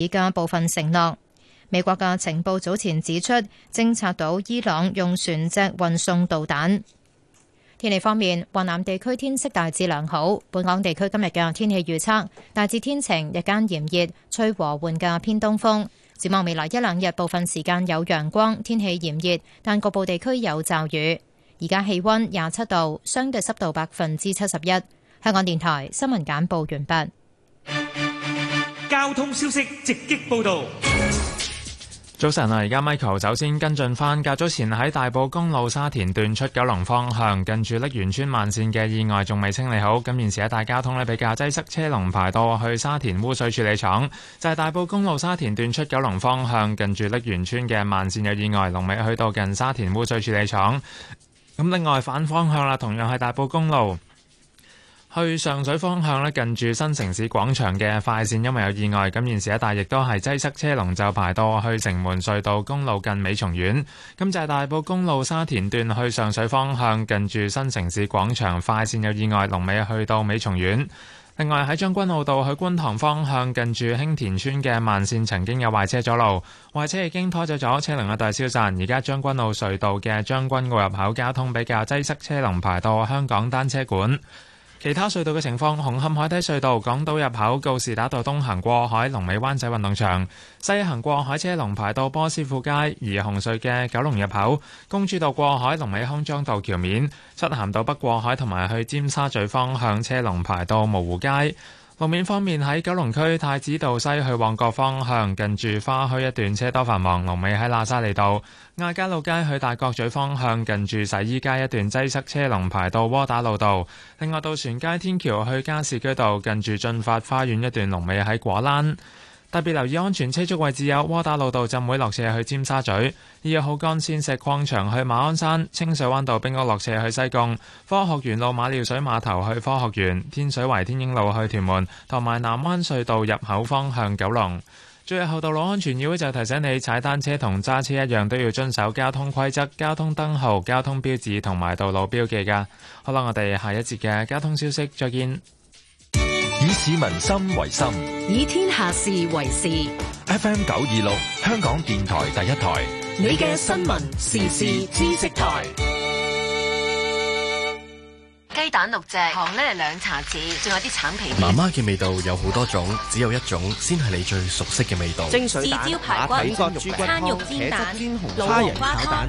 而家部分承諾，美國嘅情報早前指出，偵察到伊朗用船隻運送導彈。天氣方面，華南地區天色大致良好。本港地區今日嘅天氣預測大致天晴，日間炎熱，吹和緩嘅偏東風。展望未來一兩日，部分時間有陽光，天氣炎熱，但局部地區有驟雨。而家氣溫廿七度，相對濕度百分之七十一。香港電台新聞簡報完畢。交通消息直擊報道。早晨啊，而家 Michael 首先跟進翻，較早前喺大埔公路沙田段出九龍方向，近住瀝源村慢綫嘅意外仲未清理好，咁現時一帶交通呢，比較擠塞，車龍排到去沙田污水處理廠，就係、是、大埔公路沙田段出九龍方向近住瀝源村嘅慢綫有意外，龍尾去到近沙田污水處理廠。咁另外反方向啦，同樣係大埔公路。去上水方向呢，近住新城市廣場嘅快線，因為有意外，咁現時一帶亦都係擠塞車龍，就排到去城門隧道公路近美松苑。咁就係大埔公路沙田段去上水方向，近住新城市廣場快線有意外，龍尾去到美松苑。另外喺將軍澳道去觀塘方向，近住興田村嘅慢線曾經有壞車阻路，壞車已經拖走咗，車龍一帶消散。而家將軍澳隧道嘅將軍澳入口交通比較擠塞，車龍排到香港單車館。其他隧道嘅情況，紅磡海底隧道港島入口，告士打道東行過海龍尾灣仔運動場，西行過海車龍排到波斯富街；而紅隧嘅九龍入口，公主道過海龍尾康莊道橋面，漆咸道北過海同埋去尖沙咀方向車龍排到蕪湖街。路面方面喺九龍區太子道西去旺角方向，近住花墟一段車多繁忙，龍尾喺喇沙利道；亞皆老街去大角咀方向，近住洗衣街一段擠塞車，車龍排到窩打老道。另外，渡船街天橋去加士居道，近住駿發花園一段龍尾喺果欄。特別留意安全車速位置有窩打老道浸會落斜去尖沙咀，二號幹線石礦場去馬鞍山，清水灣道兵工落斜去西貢，科學園路馬料水碼頭去科學園，天水圍天影路去屯門，同埋南灣隧道入口方向九龍。最後道路安全議會就提醒你，踩單車同揸車一樣都要遵守交通規則、交通燈號、交通標誌同埋道路標記噶。好啦，我哋下一節嘅交通消息再見。市民心為心，以天下事為事。FM 九二六，香港電台第一台，你嘅新聞時事知識台。雞蛋六隻，糖咧係兩茶匙，仲有啲橙皮。媽媽嘅味道有好多種，只有一種先係你最熟悉嘅味道。蒸水蛋、排骨、叉肉，肉煎蛋、煎蛋、老黃瓜蛋。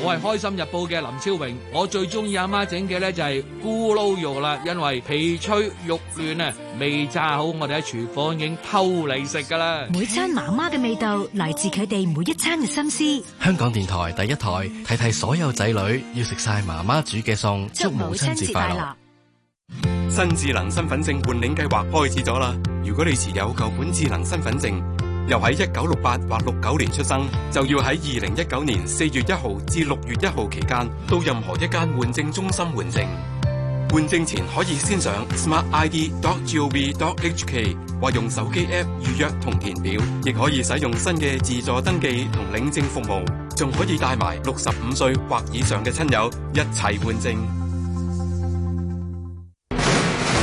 我係開心日報嘅林超榮，我最中意阿媽整嘅咧就係咕嚕肉啦，因為皮脆肉嫩啊，未炸好我哋喺廚房已經偷嚟食噶啦。每餐媽媽嘅味道來自佢哋每一餐嘅心思。香港電台第一台，睇睇所有仔女要食晒媽媽煮嘅餸，祝母親節。新智能身份證換領計劃開始咗啦！如果你持有舊款智能身份證，又喺一九六八或六九年出生，就要喺二零一九年四月一號至六月一號期間，到任何一間換證中心換證。換證前可以先上 smartid.gov.hk 或用手機 app 預約同填表，亦可以使用新嘅自助登記同領證服務，仲可以帶埋六十五歲或以上嘅親友一齊換證。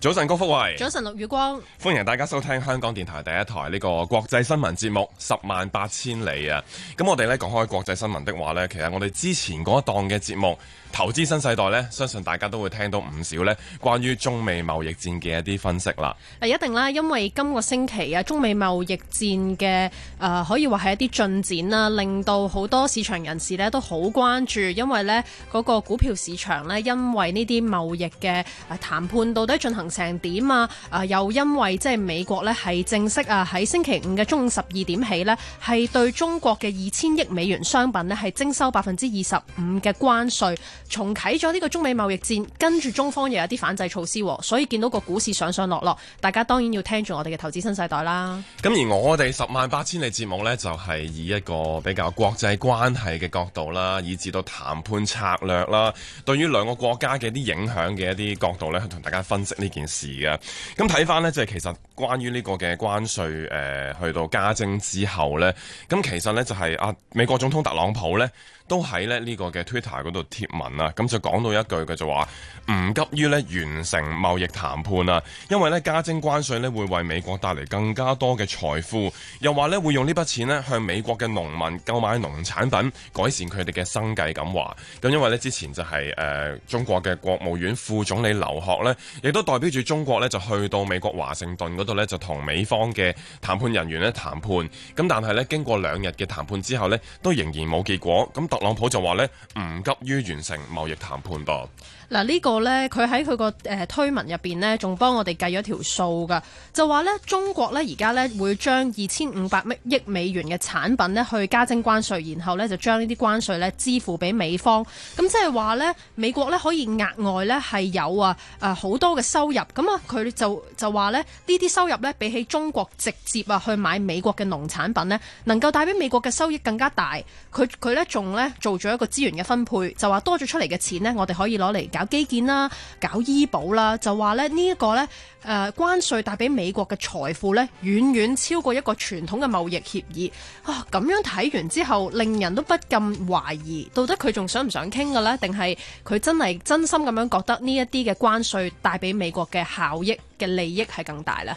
早晨，高福慧。早晨，陸宇光。歡迎大家收聽香港電台第一台呢個國際新聞節目《十萬八千里》啊！咁我哋咧講開國際新聞的話咧，其實我哋之前嗰一檔嘅節目。投資新世代呢，相信大家都會聽到唔少呢關於中美貿易戰嘅一啲分析啦。一定啦，因為今個星期啊，中美貿易戰嘅誒、呃，可以話係一啲進展啦，令到好多市場人士呢都好關注，因為呢嗰、嗰個股票市場呢，因為呢啲貿易嘅誒談判到底進行成點啊、呃，又因為即係美國呢係正式啊喺星期五嘅中午十二點起呢，係對中國嘅二千億美元商品呢係徵收百分之二十五嘅關稅。重啟咗呢個中美貿易戰，跟住中方又有啲反制措施，所以見到個股市上上落落，大家當然要聽住我哋嘅投資新世代啦。咁而我哋十萬八千里節目呢，就係、是、以一個比較國際關係嘅角度啦，以至到談判策略啦，對於兩個國家嘅啲影響嘅一啲角度呢，去同大家分析呢件事嘅。咁睇翻呢，即、就、係、是、其實關於呢個嘅關稅，誒、呃，去到加徵之後呢，咁其實呢，就係、是、啊，美國總統特朗普呢。都喺呢個嘅 Twitter 嗰度貼文啊，咁就講到一句佢就話唔急於呢完成貿易談判啊，因為呢加徵關稅呢會為美國帶嚟更加多嘅財富，又話呢會用呢筆錢呢向美國嘅農民購買農產品，改善佢哋嘅生計咁話。咁因為呢之前就係、是呃、中國嘅國務院副總理劉鶴呢亦都代表住中國呢就去到美國華盛頓嗰度呢就同美方嘅談判人員呢談判，咁但係呢，經過兩日嘅談判之後呢都仍然冇結果，咁特朗普就話咧，唔急於完成貿易談判噃。嗱、這、呢個呢，佢喺佢個誒推文入邊呢，仲幫我哋計咗條數噶，就話呢，中國呢，而家呢，會將二千五百億美元嘅產品呢去加徵關稅，然後呢，就將呢啲關稅呢支付俾美方，咁即係話呢，美國呢可以額外呢係有啊好、呃、多嘅收入，咁啊佢就就話呢，呢啲收入呢比起中國直接啊去買美國嘅農產品呢，能夠帶俾美國嘅收益更加大，佢佢呢仲呢做咗一個資源嘅分配，就話多咗出嚟嘅錢呢，我哋可以攞嚟。搞基建啦，搞醫保啦，就話咧，呢一個呢，誒、呃、關稅帶俾美國嘅財富呢，遠遠超過一個傳統嘅貿易協議啊！咁樣睇完之後，令人都不禁懷疑，到底佢仲想唔想傾嘅咧？定係佢真係真心咁樣覺得呢一啲嘅關稅帶俾美國嘅效益嘅利益係更大咧？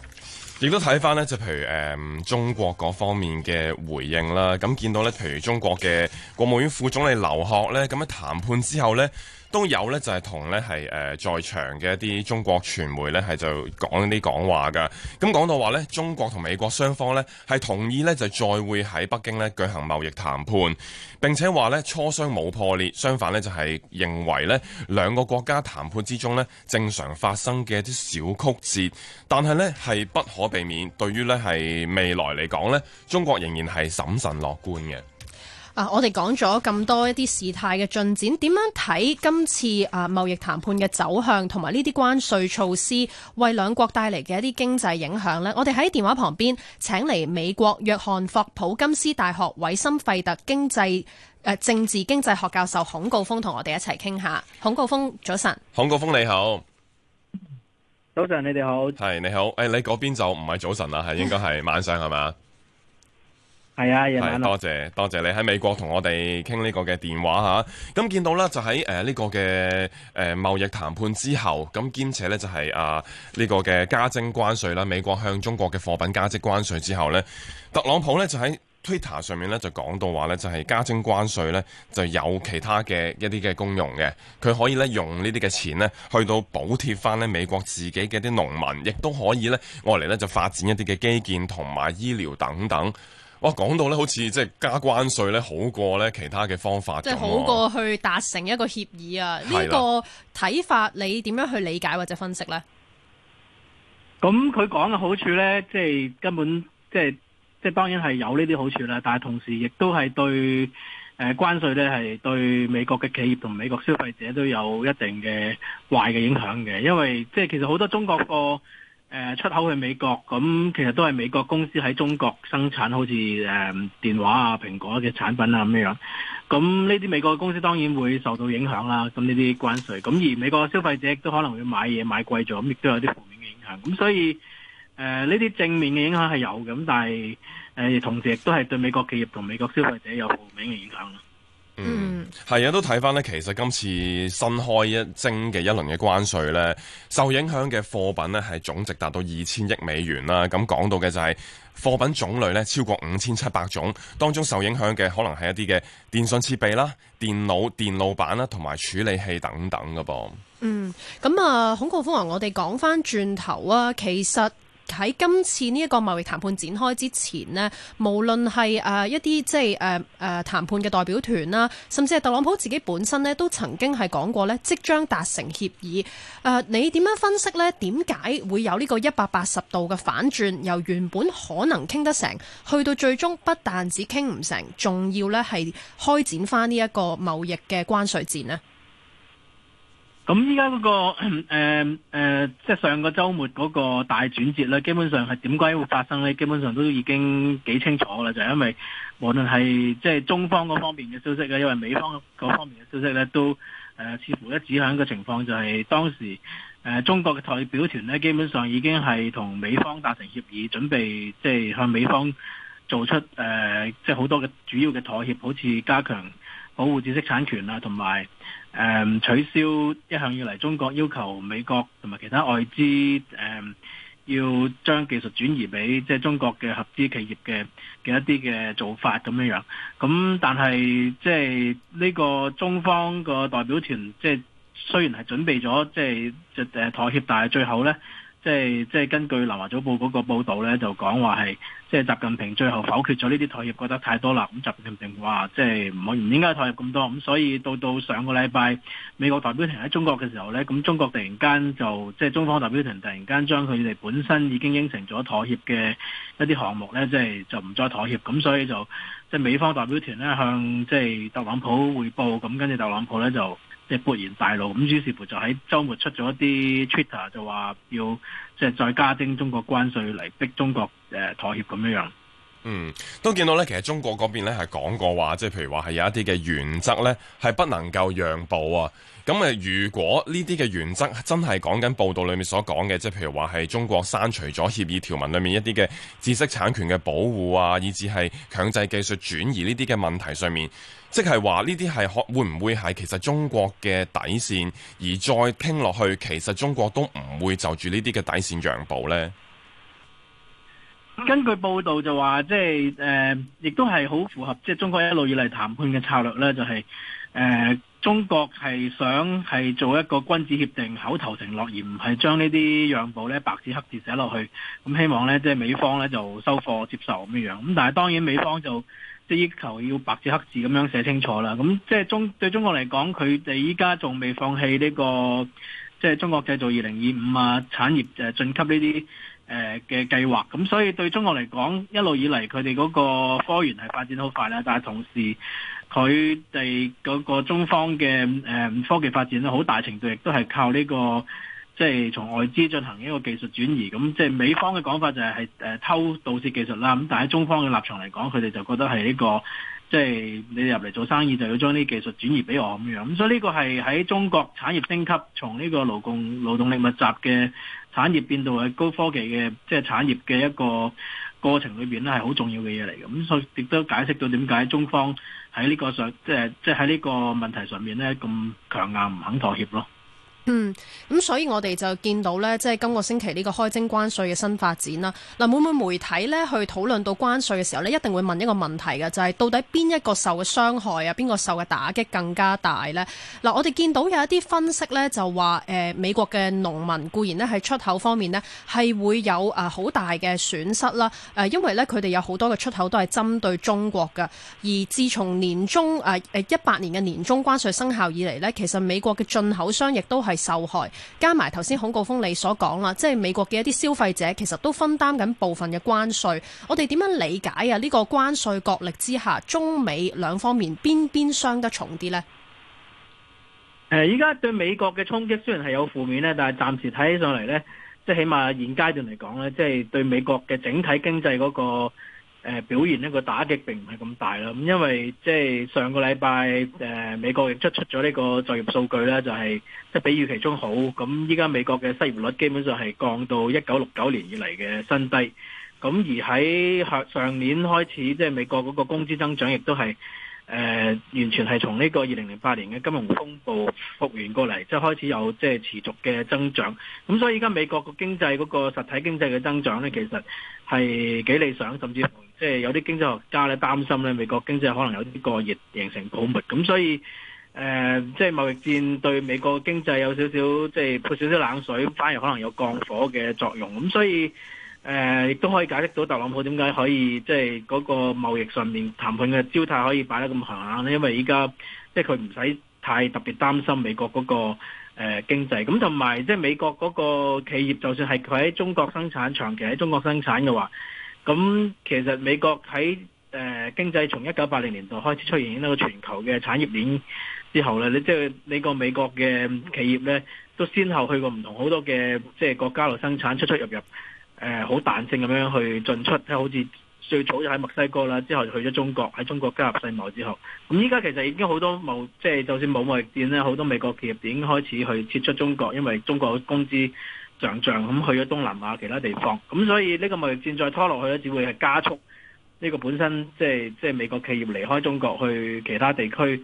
亦都睇翻咧，就譬如誒、呃、中國嗰方面嘅回應啦，咁見到咧譬如中國嘅國務院副總理劉鶴咧，咁樣談判之後咧。都有咧，就係同咧係誒在場嘅一啲中國傳媒咧，係就講啲講話噶。咁講到話咧，中國同美國雙方咧係同意咧就再會喺北京咧舉行貿易談判。並且話咧，磋商冇破裂，相反咧就係認為咧兩個國家談判之中咧正常發生嘅一啲小曲折，但係咧係不可避免。對於咧係未來嚟講咧，中國仍然係審慎樂觀嘅。啊、我哋講咗咁多一啲事態嘅進展，點樣睇今次啊貿易談判嘅走向，同埋呢啲關稅措施為兩國帶嚟嘅一啲經濟影響呢？我哋喺電話旁邊請嚟美國約翰霍普普金斯大學韋森費特經濟誒、呃、政治經濟學教授孔高峰同我哋一齊傾下。孔高峰，早晨。孔高峰你好，早晨你哋好。係你好，誒你嗰邊、哎、就唔係早晨啦，係 應該係晚上係嘛？係啊！係多謝多謝你喺美國同我哋傾呢個嘅電話吓咁、啊、見到啦就喺呢、呃這個嘅誒貿易談判之後，咁兼且呢就係啊呢個嘅加徵關稅啦、啊。美國向中國嘅貨品加徵關稅之後呢，特朗普呢就喺 Twitter 上面呢就講到話呢就係加徵關稅呢就有其他嘅一啲嘅功用嘅。佢可以呢用呢啲嘅錢呢去到補貼翻呢美國自己嘅啲農民，亦都可以呢我嚟呢就發展一啲嘅基建同埋醫療等等。哇，講到咧，好似即係加關稅咧，好過咧其他嘅方法，即係好過去達成一個協議啊！呢個睇法，你點樣去理解或者分析呢？咁佢講嘅好處咧，即係根本即係即係當然係有呢啲好處啦。但係同時亦都係對誒、呃、關稅咧，係對美國嘅企業同美國消費者都有一定嘅壞嘅影響嘅，因為即係其實好多中國個。誒，出口去美國，咁其實都係美國公司喺中國生產，好似誒電話啊、蘋果嘅產品啊咁樣。咁呢啲美國公司當然會受到影響啦。咁呢啲關稅，咁而美國消費者都可能會買嘢買貴咗，咁亦都有啲負面嘅影響。咁所以誒呢啲正面嘅影響係有咁，但係誒、呃、同時亦都係對美國企業同美國消費者有負面嘅影響咯。嗯，係啊，都睇翻咧，其實今次新開一徵嘅一輪嘅關稅咧，受影響嘅貨品咧係總值達到二千億美元啦。咁講到嘅就係貨品種類咧超過五千七百種，當中受影響嘅可能係一啲嘅電信設備啦、電腦、電路板啦同埋處理器等等㗎噃。嗯，咁啊，恐怖峰啊，我哋講翻轉頭啊，其實。喺今次呢一個貿易談判展開之前呢，無論係誒、呃、一啲即係誒誒談判嘅代表團啦，甚至係特朗普自己本身呢，都曾經係講過呢：「即將達成協議。」誒、呃，你點樣分析呢？點解會有呢個一百八十度嘅反轉？由原本可能傾得成，去到最終不但只傾唔成，仲要呢係開展翻呢一個貿易嘅關稅戰呢？咁依家嗰個誒、呃呃、即係上個週末嗰個大轉折咧，基本上係點解會發生咧？基本上都已經幾清楚啦，就係、是、因為無論係即係中方嗰方面嘅消息因為美方嗰方面嘅消息咧，都誒、呃、似乎一指向一個情況，就係、是、當時誒、呃、中國嘅代表團咧，基本上已經係同美方達成協議，準備即係向美方做出誒、呃、即係好多嘅主要嘅妥協，好似加強保護知識產權啦，同埋。誒、嗯、取消一向以嚟中國要求美國同埋其他外資誒、嗯、要將技術轉移俾即係中國嘅合資企業嘅嘅一啲嘅做法咁樣樣，咁、嗯、但係即係呢個中方個代表團即係、就是、雖然係準備咗即係誒妥協，但係最後咧。即係即係根據《南華早報》嗰個報導咧，就講話係即係習近平最後否決咗呢啲妥協，覺得太多啦。咁習近平話即係唔好唔應該妥協咁多。咁所以到到上個禮拜，美國代表團喺中國嘅時候咧，咁中國突然間就即係中方代表團突然間將佢哋本身已經應承咗妥協嘅一啲項目咧，即係就唔再妥協。咁所以就即係美方代表團咧，向即係特朗普匯報，咁跟住特朗普咧就。即係勃然大怒，咁於是乎就喺周末出咗一啲 Twitter，就話要即係再加徵中國關稅嚟逼中國誒妥協咁樣樣。嗯，都見到咧，其實中國嗰邊咧係講過話，即係譬如話係有一啲嘅原則咧，係不能夠讓步啊。咁誒，如果呢啲嘅原則真係講緊報道裏面所講嘅，即係譬如話係中國刪除咗協議條文裏面一啲嘅知識產權嘅保護啊，以至係強制技術轉移呢啲嘅問題上面。即係話呢啲係可會唔會係其實中國嘅底線，而再傾落去？其實中國都唔會就住呢啲嘅底線讓步呢？根據報道就話，即係誒，亦、呃、都係好符合即係、就是、中國一路以嚟談判嘅策略呢，就係、是、誒、呃，中國係想係做一個君子協定、口頭承諾，而唔係將呢啲讓步呢白紙黑字寫落去。咁、嗯、希望呢，即、就、係、是、美方呢就收貨接受咁樣樣。咁但係當然美方就。要求要白紙黑字咁樣寫清楚啦，咁即係中對中國嚟講，佢哋依家仲未放棄呢、這個即係、就是、中國製造二零二五啊產業誒進級呢啲誒嘅計劃，咁所以對中國嚟講，一路以嚟佢哋嗰個科研係發展好快啦，但係同時佢哋嗰個中方嘅誒、呃、科技發展好大程度亦都係靠呢、這個。即係從外資進行一個技術轉移，咁即係美方嘅講法就係係誒偷盜竊技術啦，咁但係中方嘅立場嚟講，佢哋就覺得係呢個即係你入嚟做生意就要將啲技術轉移俾我咁樣，咁所以呢個係喺中國產業升級從呢個勞動勞動力密集嘅產業變到係高科技嘅即係產業嘅一個過程裏邊咧，係好重要嘅嘢嚟嘅，咁所以亦都解釋到點解中方喺呢個上即係即係喺呢個問題上面咧咁強硬，唔肯妥協咯。嗯，咁、嗯、所以我哋就見到咧，即係今個星期呢個開徵關稅嘅新發展啦。嗱，每每媒體咧去討論到關稅嘅時候咧，一定會問一個問題嘅，就係、是、到底邊一個受嘅傷害啊，邊個受嘅打擊更加大咧？嗱、嗯，我哋見到有一啲分析咧，就話誒美國嘅農民固然咧喺出口方面咧係會有啊好、呃、大嘅損失啦，誒、呃，因為咧佢哋有好多嘅出口都係針對中國嘅，而自從年中誒誒一八年嘅年終關稅生效以嚟咧，其實美國嘅進口商亦都係。係受害，加埋頭先孔，高峰你所講啦，即係美國，嘅一啲消費者，其實都分擔緊部分嘅關稅。我哋點樣理解啊？呢個關稅角力之下，中美兩方面邊邊傷得重啲呢？誒，依家對美國嘅衝擊雖然係有負面呢，但係暫時睇起上嚟呢，即係起碼現階段嚟講呢，即係對美國嘅整體經濟嗰個。誒、呃，表現呢個打擊並唔係咁大啦。咁因為即係上個禮拜，誒、呃、美國亦出出咗呢個就業數據咧，就係即係比預期中好。咁依家美國嘅失業率基本上係降到一九六九年以嚟嘅新低。咁而喺上年開始，即係美國嗰個工資增長亦都係誒、呃、完全係從呢個二零零八年嘅金融風暴復原過嚟，即係開始有即係持續嘅增長。咁所以依家美國個經濟嗰個實體經濟嘅增長咧，其實係幾理想，甚至即係有啲經濟學家咧擔心咧美國經濟可能有啲過熱，形成泡沫。咁所以誒、呃，即係貿易戰對美國經濟有少少，即係潑少少冷水，反而可能有降火嘅作用。咁所以誒，亦、呃、都可以解釋到特朗普點解可以即係嗰個貿易上面談判嘅焦態可以擺得咁行閒咧，因為依家即係佢唔使太特別擔心美國嗰、那個誒、呃、經濟。咁同埋即係美國嗰個企業，就算係佢喺中國生產，長期喺中國生產嘅話，咁其實美國喺誒經濟從一九八零年代開始出現呢個全球嘅產業鏈之後咧，你即係你個美國嘅企業咧，都先後去過唔同好多嘅即係國家度生產出出入入，誒好彈性咁樣去進出，即好似最早就喺墨西哥啦，之後去咗中國，喺中國加入世貿之後，咁依家其實已經好多冇即係就算冇貿易戰咧，好多美國企業已經開始去撤出中國，因為中國嘅工資上漲，咁去咗東南亞其他地方，咁所以呢個貿易戰再拖落去呢，只會係加速呢個本身即係即係美國企業離開中國去其他地區，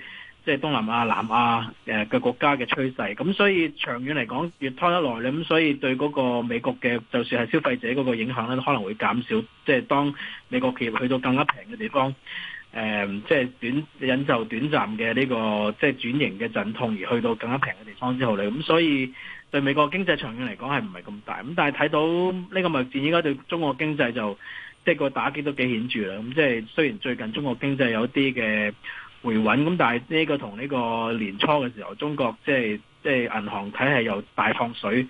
即係東南亞、南亞誒嘅國家嘅趨勢。咁所以長遠嚟講，越拖得耐咧，咁所以對嗰個美國嘅，就算係消費者嗰個影響呢，可能會減少。即係當美國企業去到更加平嘅地方，誒即係短引就短暫嘅呢個即係轉型嘅陣痛，而去到更加平嘅地方之後呢，咁所以。對美國經濟長遠嚟講係唔係咁大，咁但係睇到呢個貿易戰，依家對中國經濟就即係個打擊都幾顯著啦。咁即係雖然最近中國經濟有啲嘅回穩，咁但係呢個同呢個年初嘅時候，中國即係即係銀行體系又大放水，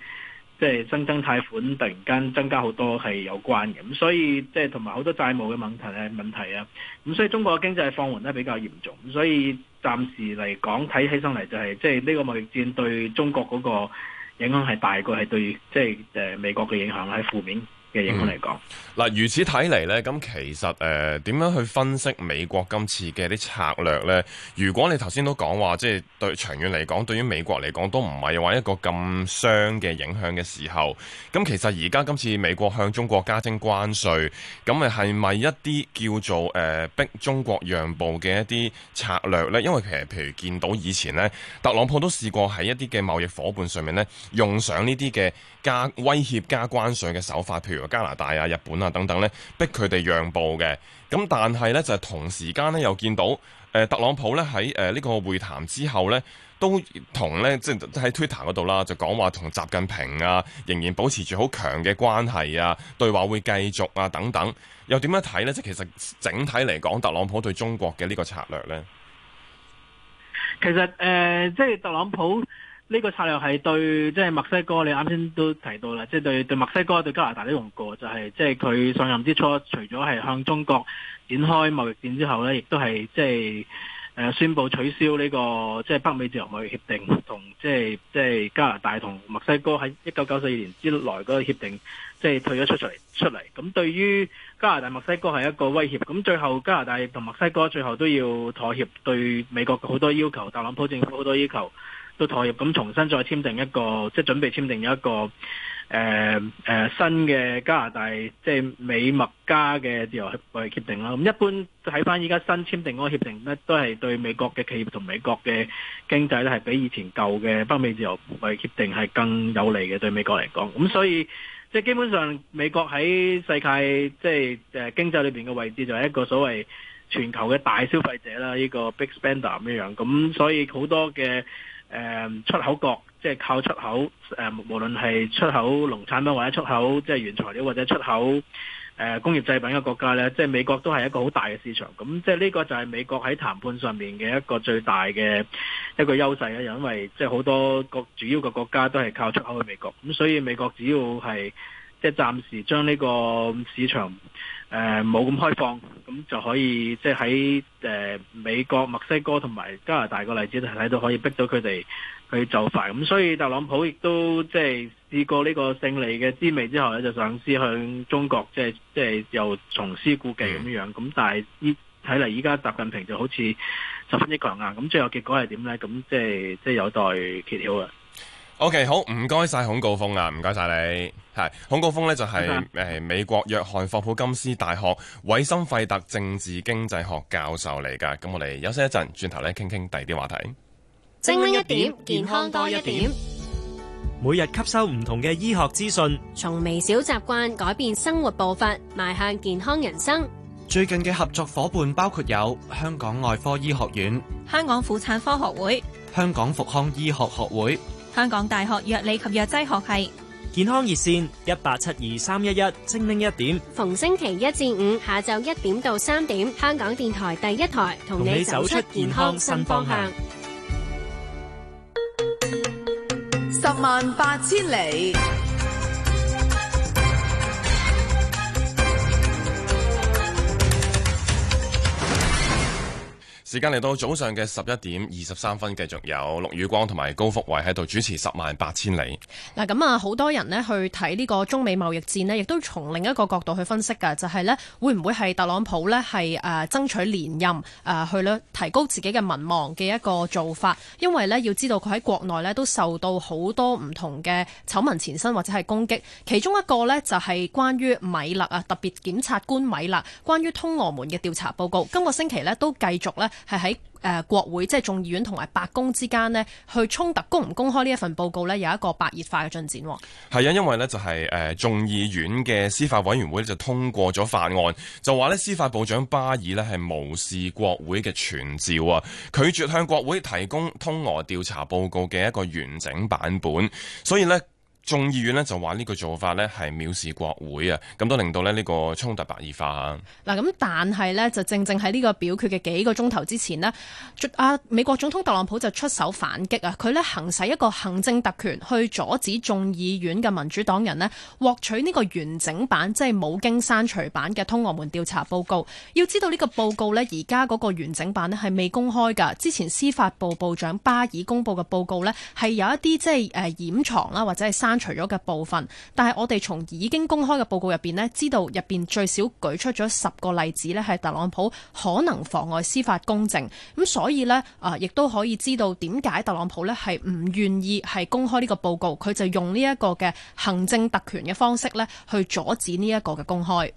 即係新增貸款突然間增加好多係有關嘅。咁所以即係同埋好多債務嘅問題咧問題啊。咁所以中國嘅經濟放緩得比較嚴重，所以暫時嚟講睇起身嚟就係即係呢個貿易戰對中國嗰個。影響係大過係對，即係誒美國嘅影響喺負面。嚟、嗯、嗱如此睇嚟呢，咁其實誒點樣去分析美國今次嘅啲策略呢？如果你頭先都講話，即係對長遠嚟講，對於美國嚟講都唔係話一個咁傷嘅影響嘅時候，咁其實而家今次美國向中國加徵關稅，咁咪係咪一啲叫做誒逼中國讓步嘅一啲策略呢？因為其實譬如見到以前呢，特朗普都試過喺一啲嘅貿易夥伴上面呢，用上呢啲嘅加威脅加關稅嘅手法，譬如。加拿大啊、日本啊等等呢，逼佢哋讓步嘅。咁但係呢，就係同時間呢，又見到誒、呃、特朗普呢喺誒呢個會談之後呢，都同呢，即係喺 Twitter 嗰度啦，就講話同習近平啊，仍然保持住好強嘅關係啊，對話會繼續啊等等。又點樣睇呢？即其實整體嚟講，特朗普對中國嘅呢個策略呢，其實誒即係特朗普。呢個策略係對，即係墨西哥，你啱先都提到啦，即係對對墨西哥、對加拿大都用過，就係即係佢上任之初，除咗係向中國展開貿易戰之後呢亦都係即係宣布取消呢個即係北美自由貿易協定，同即係即係加拿大同墨西哥喺一九九四年之內嗰個協定，即係退咗出出嚟出嚟。咁對於加拿大、墨西哥係一個威脅。咁最後加拿大同墨西哥最後都要妥協，對美國好多要求，特朗普政府好多要求。都妥協，咁重新再簽訂一個，即係準備簽訂一個，誒、呃、新嘅加拿大即美墨加嘅自由貿易協定啦。咁一般睇翻依家新簽訂嗰個協定呢，都係對美國嘅企業同美國嘅經濟咧，係比以前舊嘅北美自由貿易協定係更有利嘅對美國嚟講。咁所以即基本上美國喺世界即係誒經濟裏邊嘅位置就係一個所謂全球嘅大消費者啦，呢、這個 big spender 咁樣。咁所以好多嘅。誒出口國，即係靠出口，誒無論係出口農產品或者出口即係原材料或者出口誒工業製品嘅國家呢，即係美國都係一個好大嘅市場。咁即係呢個就係美國喺談判上面嘅一個最大嘅一個優勢啦，因為即係好多國主要嘅國家都係靠出口去美國。咁所以美國只要係即係暫時將呢個市場。誒、呃，冇咁開放，咁就可以即係喺誒美國、墨西哥同埋加拿大個例子都睇到，可以逼到佢哋去就快。咁所以特朗普亦都即係試過呢個勝利嘅滋味之後咧，就想試向中國即係即係又重施故技咁樣。咁但係依睇嚟，依家習近平就好似十分之強硬。咁最後結果係點咧？咁即係即係有待揭曉啊！O.K. 好，唔該晒孔高峰啊，唔該晒你。係孔高峰呢，風就係、是、誒、呃、美國約翰霍普金斯大學韋森費特政治經濟學教授嚟㗎。咁我哋休息一陣，轉頭咧傾傾第二啲話題。精明一,一點，健康多一點。每日吸收唔同嘅醫學資訊，從微小習慣改變生活步伐，邁向健康人生。最近嘅合作夥伴包括有香港外科醫學院、香港婦產科學會、香港復康醫學學，學會。香港大學藥理及藥劑學係健康熱線一八七二三一一，精靈一點，逢星期一至五下晝一點到三點，香港電台第一台同你走出健康新方向，十萬八千里。時間嚟到早上嘅十一點二十三分，繼續有陸宇光同埋高福偉喺度主持《十萬八千里》。嗱，咁啊，好多人呢去睇呢個中美貿易戰呢，亦都從另一個角度去分析噶，就係、是、呢，會唔會係特朗普呢係誒、呃、爭取連任誒、呃、去咧提高自己嘅民望嘅一個做法？因為呢，要知道佢喺國內呢都受到好多唔同嘅醜聞纏身或者係攻擊，其中一個呢，就係、是、關於米勒啊，特別檢察官米勒關於通俄門嘅調查報告，今個星期呢，都繼續呢。係喺誒國會，即係眾議院同埋白宮之間咧，去衝突公唔公開呢一份報告呢，有一個白熱化嘅進展哦。係啊，因為呢就係、是、誒、呃、眾議院嘅司法委員會就通過咗法案，就話呢司法部長巴爾呢係無視國會嘅傳召啊，拒絕向國會提供通俄調查報告嘅一個完整版本，所以呢。眾議院呢就話呢個做法呢係藐視國會啊，咁都令到呢呢個衝突白熱化嚇。嗱咁，但係呢就正正喺呢個表決嘅幾個鐘頭之前呢，阿美國總統特朗普就出手反擊啊！佢呢行使一個行政特權去阻止眾議院嘅民主黨人呢獲取呢個完整版，即係冇經刪除版嘅通俄門調查報告。要知道呢個報告呢，而家嗰個完整版呢係未公開㗎。之前司法部部長巴爾公布嘅報告呢，係有一啲即係誒掩藏啦，或者係刪除咗嘅部分，但係我哋從已經公開嘅報告入邊呢，知道入邊最少舉出咗十個例子呢，係特朗普可能妨礙司法公正。咁所以呢，啊，亦都可以知道點解特朗普呢係唔願意係公開呢個報告，佢就用呢一個嘅行政特權嘅方式呢，去阻止呢一個嘅公開。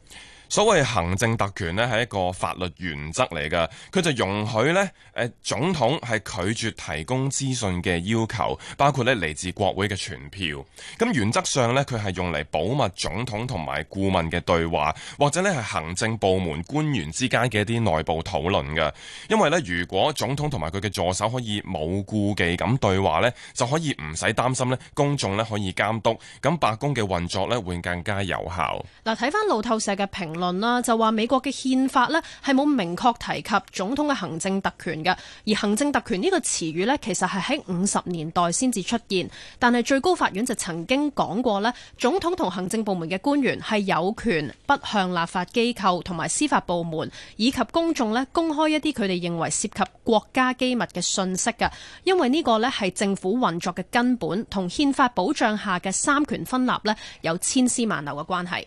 所謂行政特權咧，係一個法律原則嚟嘅，佢就容許咧，誒總統係拒絕提供資訊嘅要求，包括咧嚟自國會嘅傳票。咁原則上咧，佢係用嚟保密總統同埋顧問嘅對話，或者咧係行政部門官員之間嘅一啲內部討論嘅。因為咧，如果總統同埋佢嘅助手可以冇顧忌咁對話咧，就可以唔使擔心咧公眾咧可以監督，咁白宮嘅運作咧會更加有效。嗱，睇翻路透社嘅評論啦，就話美國嘅憲法呢，係冇明確提及總統嘅行政特權嘅，而行政特權呢個詞語呢，其實係喺五十年代先至出現。但係最高法院就曾經講過呢，總統同行政部門嘅官員係有權不向立法機構，同埋司法部門以及公眾呢公開一啲佢哋認為涉及國家機密嘅信息嘅，因為呢個呢，係政府運作嘅根本，同憲法保障下嘅三權分立呢，有千絲萬縷嘅關係。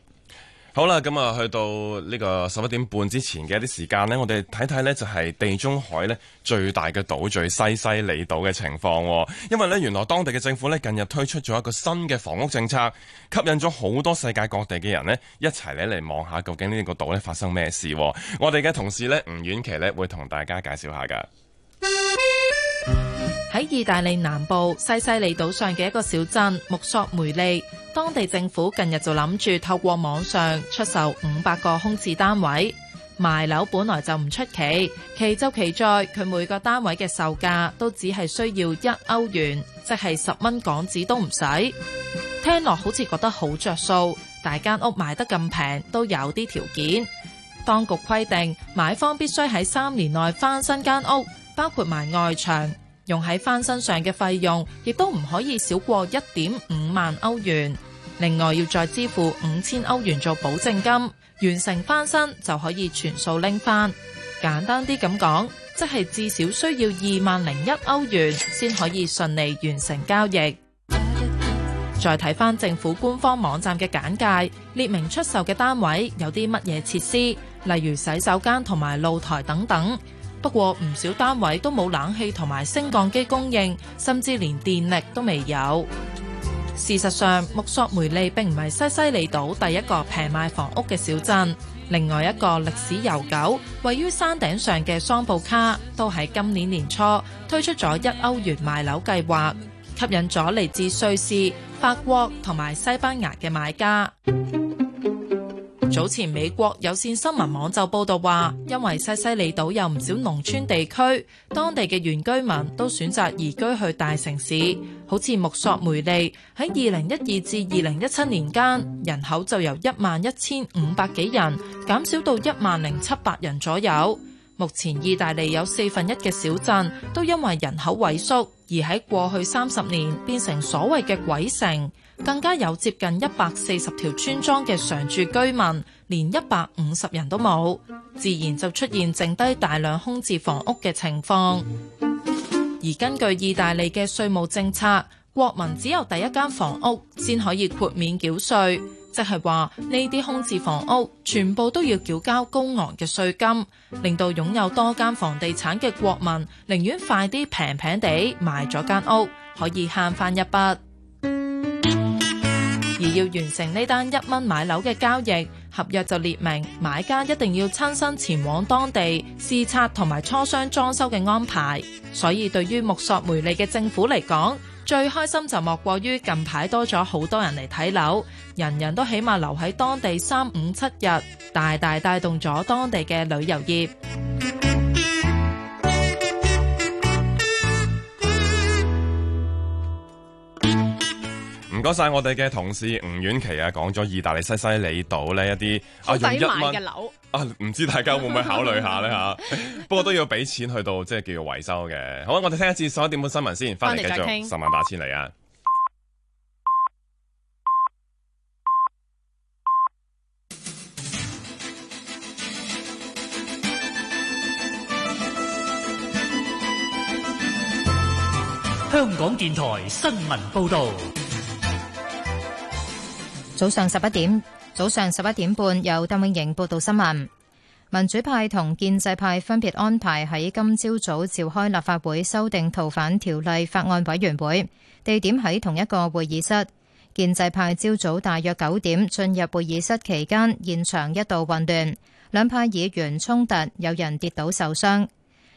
好啦，咁啊，去到呢個十一點半之前嘅一啲時間呢，我哋睇睇呢就係地中海呢最大嘅島嶼西西里島嘅情況。因為呢，原來當地嘅政府呢，近日推出咗一個新嘅房屋政策，吸引咗好多世界各地嘅人呢，一齊呢嚟望下，究竟呢個島呢發生咩事。我哋嘅同事呢，吳婉琪呢，會同大家介紹下噶。意大利南部西西里島上嘅一個小鎮木索梅利，當地政府近日就諗住透過網上出售五百個空置單位。賣樓本來就唔出奇，奇就奇在佢每個單位嘅售價都只係需要一歐元，即係十蚊港紙都唔使。聽落好似覺得好着數，大間屋賣得咁平都有啲條件。當局規定買方必須喺三年內翻新間屋，包括埋外牆。用喺翻身上嘅費用，亦都唔可以少過一點五萬歐元。另外，要再支付五千歐元做保證金，完成翻新就可以全數拎翻。簡單啲咁講，即係至少需要二萬零一歐元先可以順利完成交易。再睇翻政府官方網站嘅簡介，列明出售嘅單位有啲乜嘢設施，例如洗手間同埋露台等等。不過唔少單位都冇冷氣同埋升降機供應，甚至連電力都未有。事實上，木索梅利並唔係西西里島第一個平賣房屋嘅小鎮。另外一個歷史悠久、位於山頂上嘅桑布卡，都喺今年年初推出咗一歐元賣樓計劃，吸引咗嚟自瑞士、法國同埋西班牙嘅買家。早前美國有線新聞網就報道話，因為西西里島有唔少農村地區，當地嘅原居民都選擇移居去大城市，好似穆索梅利喺2012至2017年間，人口就由11,500幾人減少到1萬零700人左右。目前意大利有四分一嘅小鎮都因為人口萎縮而喺過去三十年變成所謂嘅鬼城。更加有接近一百四十條村莊嘅常住居民，連一百五十人都冇，自然就出現剩低大量空置房屋嘅情況。而根據意大利嘅稅務政策，國民只有第一間房屋先可以豁免繳稅，即係話呢啲空置房屋全部都要繳交高昂嘅稅金，令到擁有多間房地產嘅國民寧願快啲平平地賣咗間屋，可以慳翻一筆。而要完成呢單一蚊買樓嘅交易，合約就列明買家一定要親身前往當地視察同埋磋商裝修嘅安排。所以對於木索梅利嘅政府嚟講，最開心就莫過於近排多咗好多人嚟睇樓，人人都起碼留喺當地三五七日，大大帶動咗當地嘅旅遊業。多謝我哋嘅同事吳婉琪啊，講咗意大利西西里島呢一啲啊，用一蚊嘅樓，唔知大家會唔會考慮下咧吓？ 不過都要俾錢去到即係、就是、叫做維修嘅。好啊，我哋聽一次十一點半新聞先，翻嚟繼續十萬八千里啊！香港電台新聞報道。早上十一點，早上十一點半，由鄧永盈報道新聞。民主派同建制派分別安排喺今朝早，早召開立法會修訂逃犯條例法案委員會，地點喺同一個會議室。建制派朝早大約九點進入會議室期間，現場一度混亂，兩派議員衝突，有人跌倒受傷。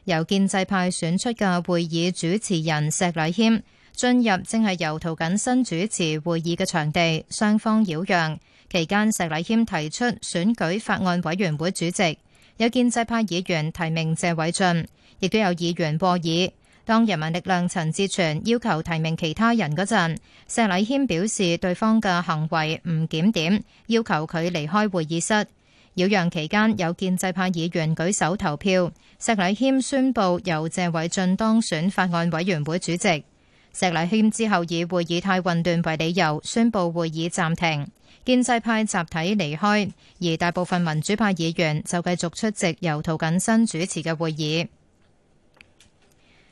由建制派選出嘅會議主持人石禮謙。進入正係由涂謹申主持會議嘅場地，雙方擾攘。期間，石禮謙提出選舉法案委員會主席，有建制派議員提名謝偉俊，亦都有議員過耳。當人民力量陳志全要求提名其他人嗰陣，石禮謙表示對方嘅行為唔檢點，要求佢離開會議室擾攘期間，有建制派議員舉手投票，石禮謙宣布由謝偉俊當選法案委員會主席。石禮謙之後以會議太混亂為理由，宣布會議暫停。建制派集體離開，而大部分民主派議員就繼續出席由涂謹申主持嘅會議。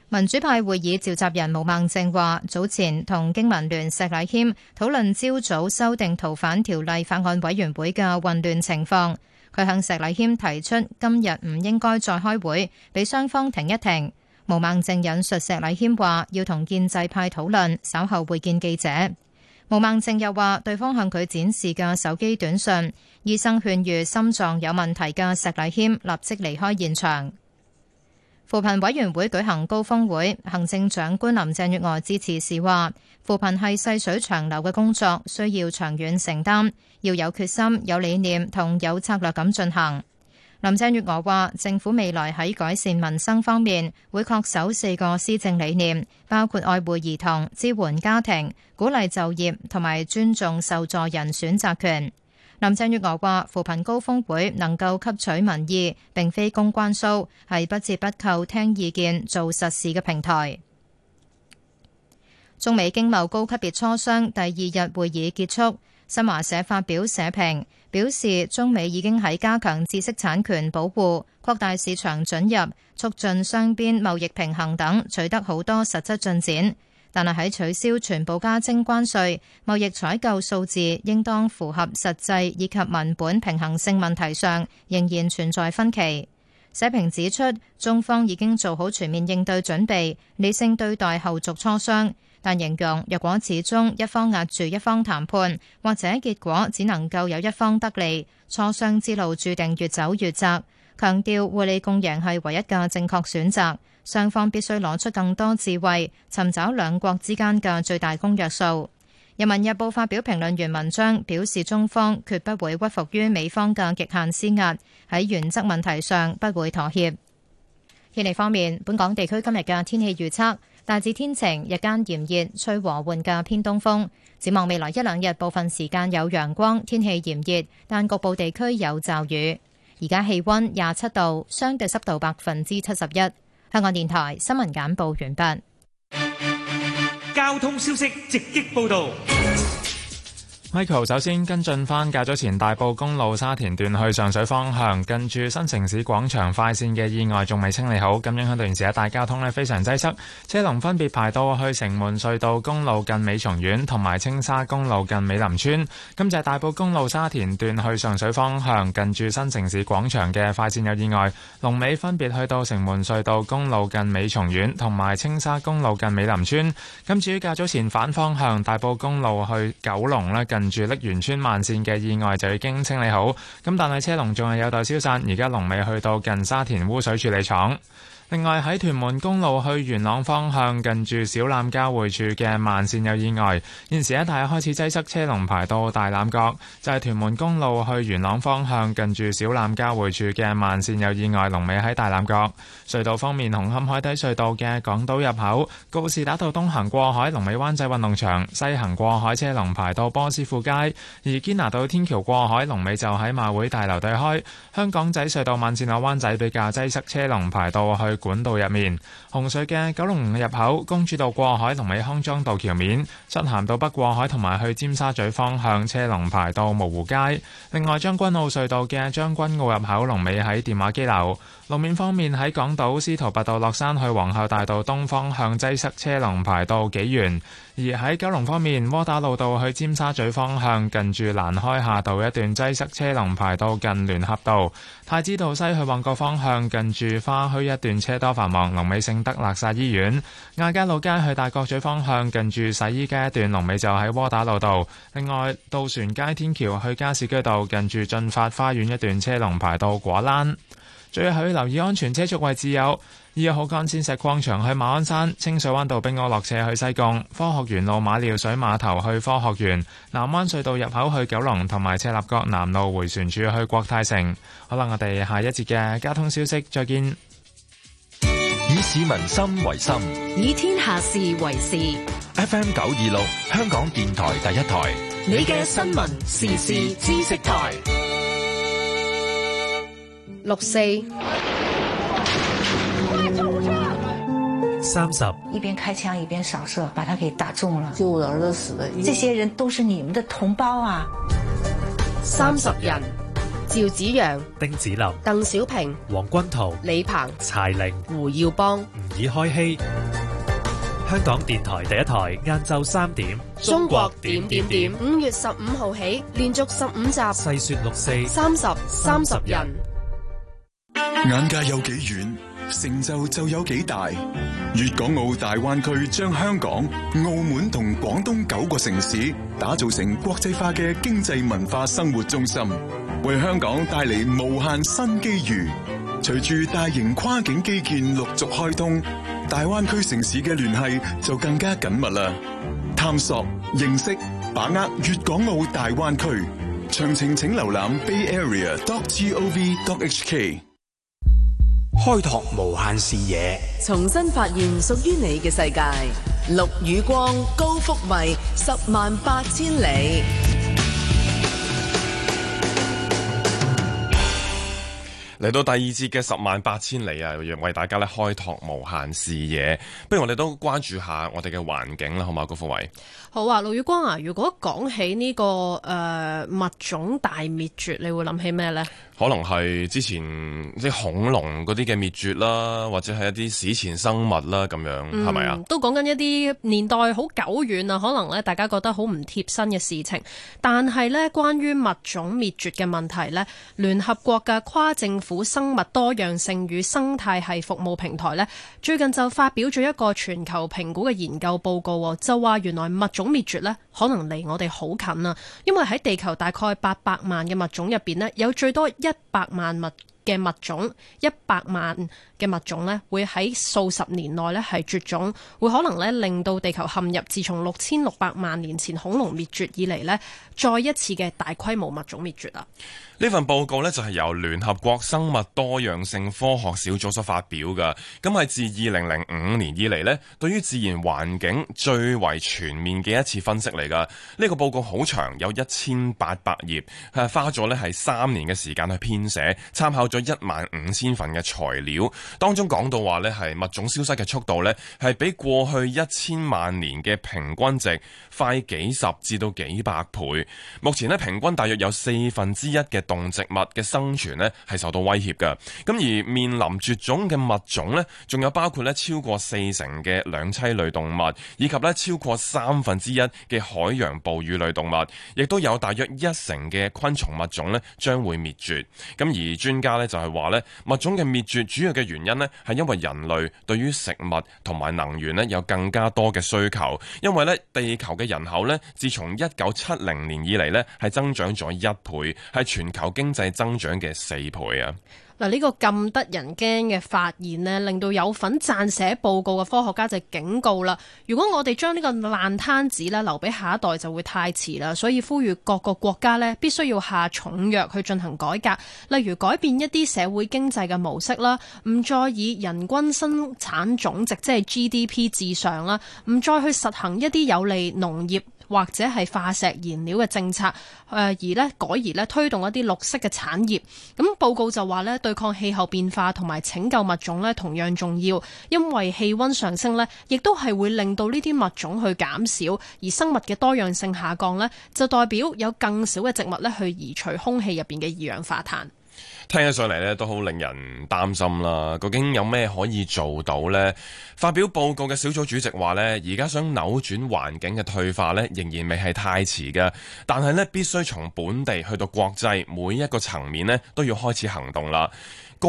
民主派會議召集人毛孟靜話：早前同經民聯石禮謙討論朝早修訂逃犯條例法案委員會嘅混亂情況，佢向石禮謙提出今日唔應該再開會，俾雙方停一停。毛孟靜引述石禮謙話，要同建制派討論，稍後會見記者。毛孟靜又話，對方向佢展示嘅手機短信，醫生勸喻心臟有問題嘅石禮謙立即離開現場。扶貧委員會舉行高峰會，行政長官林鄭月娥致辭時話，扶貧係細水長流嘅工作，需要長遠承擔，要有決心、有理念同有策略咁進行。林鄭月娥話：政府未來喺改善民生方面，會恪守四個施政理念，包括愛護兒童、支援家庭、鼓勵就業同埋尊重受助人選擇權。林鄭月娥話：扶貧高峰會能夠吸取民意，並非公關 show，係不折不扣聽意見做實事嘅平台。中美經貿高級別磋商第二日會議結束。新華社發表社評，表示中美已經喺加強知識產權保護、擴大市場准入、促進雙邊貿易平衡等取得好多實質進展，但係喺取消全部加徵關稅、貿易採購數字應當符合實際以及文本平衡性問題上，仍然存在分歧。社評指出，中方已經做好全面應對準備，理性對待後續磋商。但形容若果始終一方壓住一方談判，或者結果只能夠有一方得利，磋商之路注定越走越窄。強調互利共贏係唯一嘅正確選擇，雙方必須攞出更多智慧，尋找兩國之間嘅最大公約數。《人民日報》發表評論員文章，表示中方決不會屈服於美方嘅極限施壓，喺原則問題上不會妥協。天氣方面，本港地區今日嘅天氣預測。大致天晴，日間炎熱，吹和緩嘅偏東風。展望未來一兩日，部分時間有陽光，天氣炎熱，但局部地區有驟雨。而家氣温廿七度，相對濕度百分之七十一。香港電台新聞簡報完畢。交通消息直擊報導。Michael 首先跟進返較早前大埔公路沙田段去上水方向，近住新城市廣場快線嘅意外仲未清理好，咁影響到而家大交通非常擠塞，車龍分別排到去城門隧道公路近美松苑同埋青沙公路近美林村。噉就係大埔公路沙田段去上水方向，近住新城市廣場嘅快線有意外，龍尾分別去到城門隧道公路近美松苑同埋青沙公路近美林村。至於較早前反方向大埔公路去九龍近住瀝源村慢線嘅意外就已經清理好，咁但係車龍仲係有待消散，而家龍尾去到近沙田污水處理廠。另外喺屯門公路去元朗方向，近住小欖交匯處嘅慢綫有意外，現時一帶開始擠塞，車龍排到大欖角。就係、是、屯門公路去元朗方向，近住小欖交匯處嘅慢綫有意外，龍尾喺大欖角。隧道方面，紅磡海底隧道嘅港島入口，告士打道東行過海，龍尾灣仔運動場；西行過海，車龍排到波斯富街。而堅拿道天橋過海，龍尾就喺馬會大樓對開。香港仔隧道慢綫有灣仔，比較擠塞，車龍排到去。管道入面，洪水嘅九龍入口公主道過海，龍尾康莊道橋面，漆咸道北過海同埋去尖沙咀方向車龍排到蕪湖街。另外將軍澳隧道嘅將軍澳入口龍尾喺電話機樓。路面方面，喺港島司徒拔道落山去皇后大道東方向擠塞車道，車龍排到幾遠。而喺九龍方面，窩打老道去尖沙咀方向近住蘭開夏道一段擠塞車道，車龍排到近聯合道。太子道西去旺角方向近住花墟一段車多繁忙，龍尾聖德肋撒醫院。亞皆老街去大角咀方向近住洗衣街一段龍尾就喺窩打老道。另外，渡船街天橋去加士居道近住駿發花園一段車龍排到果欄。最好要留意安全車速位置有：二號幹線石礦場去馬鞍山、清水灣道壁屋落斜去西貢、科學園路馬料水碼頭去科學園、南灣隧道入口去九龍同埋赤鱲角南路回旋處去國泰城。好啦，我哋下一節嘅交通消息，再見。以市民心為心，以天下事為事。FM 九二六，香港電台第一台，你嘅新聞時事知識台。六四三十，一邊開槍一邊掃射，把他給打中了，就我兒子死啦。這些人都是你們的同胞啊！三十人，趙紫陽、丁子霖、鄧小平、王君濤、李鵬、柴玲、胡耀邦、吾爾開希。香港電台第一台，晏晝三點，中國點點點，點，五月十五號起，連續十五集細說六四三十三十人。眼界有幾遠，成就就有幾大。粵港澳大灣區將香港、澳門同廣東九個城市打造成國際化嘅經濟文化生活中心，為香港帶嚟無限新機遇。隨住大型跨境基建陸續開通，大灣區城市嘅聯繫就更加緊密啦。探索、認識、把握粵港澳大灣區，詳情請瀏覽 Bay Area.gov.hk。開拓無限視野，重新發現屬於你嘅世界。陸雨光，高福偉，十萬八千里。嚟到第二節嘅十萬八千里啊，為大家咧開拓無限視野。不如我哋都關注下我哋嘅環境啦，好嘛？高福偉，好啊，陸雨光啊。如果講起呢個誒物種大滅絕，你會諗起咩呢？可能係之前啲恐龍嗰啲嘅滅絕啦，或者係一啲史前生物啦咁樣，係咪啊？都講緊一啲年代好久遠啊，可能咧大家覺得好唔貼身嘅事情，但係呢，關於物種滅絕嘅問題呢，聯合國嘅跨政府生物多樣性與生態系服務平台呢，最近就發表咗一個全球評估嘅研究報告，就話原來物種滅絕呢，可能離我哋好近啊，因為喺地球大概八百萬嘅物種入面呢，有最多，一百萬物嘅物種，一百萬，嘅物種呢會喺數十年內呢係絕種，會可能呢令到地球陷入自從六千六百萬年前恐龍滅絕以嚟呢再一次嘅大規模物種滅絕啊！呢份報告呢就係由聯合國生物多樣性科學小組所發表噶，咁係自二零零五年以嚟呢對於自然環境最為全面嘅一次分析嚟噶。呢個報告好長，有一千八百頁，係花咗呢係三年嘅時間去編寫，參考咗一萬五千份嘅材料。當中講到話呢係物種消失嘅速度呢係比過去一千萬年嘅平均值快幾十至到幾百倍。目前呢，平均大約有四分之一嘅動植物嘅生存呢係受到威脅嘅。咁而面臨絕種嘅物種呢，仲有包括呢超過四成嘅兩棲類動物，以及呢超過三分之一嘅海洋哺乳類動物，亦都有大約一成嘅昆蟲物種呢將會滅絕。咁而專家呢，就係話呢物種嘅滅絕主要嘅原原因呢係因為人類對於食物同埋能源呢有更加多嘅需求，因為咧地球嘅人口呢，自從一九七零年以嚟呢，係增長咗一倍，係全球經濟增長嘅四倍啊。嗱，呢個咁得人驚嘅發言呢，令到有份撰寫報告嘅科學家就警告啦。如果我哋將呢個爛攤子呢留俾下一代，就會太遲啦。所以呼籲各個國家呢，必須要下重藥去進行改革，例如改變一啲社會經濟嘅模式啦，唔再以人均生產總值即係、就是、GDP 至上啦，唔再去實行一啲有利農業。或者係化石燃料嘅政策，誒而呢改，而呢推動一啲綠色嘅產業。咁報告就話呢，對抗氣候變化同埋拯救物種同樣重要，因為氣温上升呢亦都係會令到呢啲物種去減少，而生物嘅多樣性下降呢就代表有更少嘅植物呢去移除空氣入面嘅二氧化碳。聽起上嚟咧，都好令人擔心啦。究竟有咩可以做到呢？發表報告嘅小組主席話，呢而家想扭轉環境嘅退化呢，仍然未係太遲嘅，但係呢，必須從本地去到國際每一個層面呢都要開始行動啦。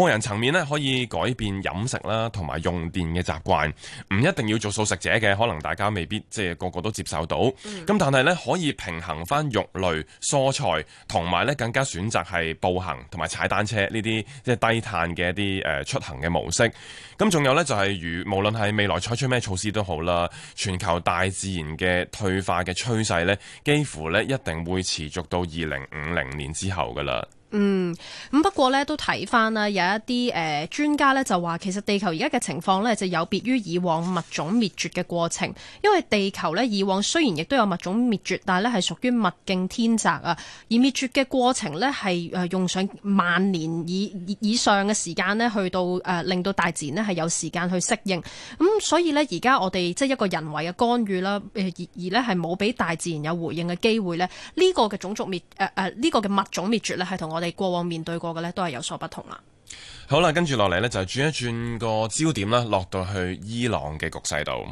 個人層面咧，可以改變飲食啦，同埋用電嘅習慣，唔一定要做素食者嘅，可能大家未必即係個個都接受到。咁、嗯、但係咧，可以平衡返肉類、蔬菜，同埋咧更加選擇係步行同埋踩單車呢啲即係低碳嘅一啲誒出行嘅模式。咁仲有咧，就係如無論係未來採取咩措施都好啦，全球大自然嘅退化嘅趨勢咧，幾乎咧一定會持續到二零五零年之後㗎喇。嗯，咁不過呢都睇返啦，有一啲誒專家呢就話，其實地球而家嘅情況呢就有別於以往物種滅絕嘅過程，因為地球呢以往雖然亦都有物種滅絕，但係呢係屬於物競天擇啊，而滅絕嘅過程呢係誒用上萬年以以上嘅時間呢去到誒、呃，令到大自然呢係有時間去適應，咁、嗯、所以呢，而家我哋即係一個人為嘅干預啦、呃，而而呢係冇俾大自然有回應嘅機會呢呢、呢個嘅種族滅誒誒呢個嘅物種滅絕呢係同我。我哋過往面對過嘅呢，都係有所不同啦。好啦，跟住落嚟呢，就轉一轉個焦點啦，落到去伊朗嘅局勢度。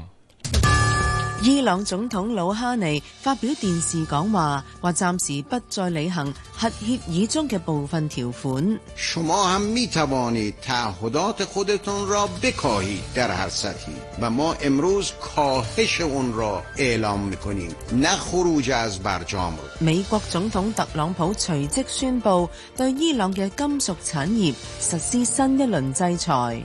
伊朗總統魯哈尼發表電視講話，話暫時不再履行核協議中嘅部分條款。我們未睇完，談話對佢哋個，佢哋係點？但係我哋今日講嘅係佢哋嘅。美國總統特朗普隨即宣布對伊朗嘅金屬產業實施新一輪制裁。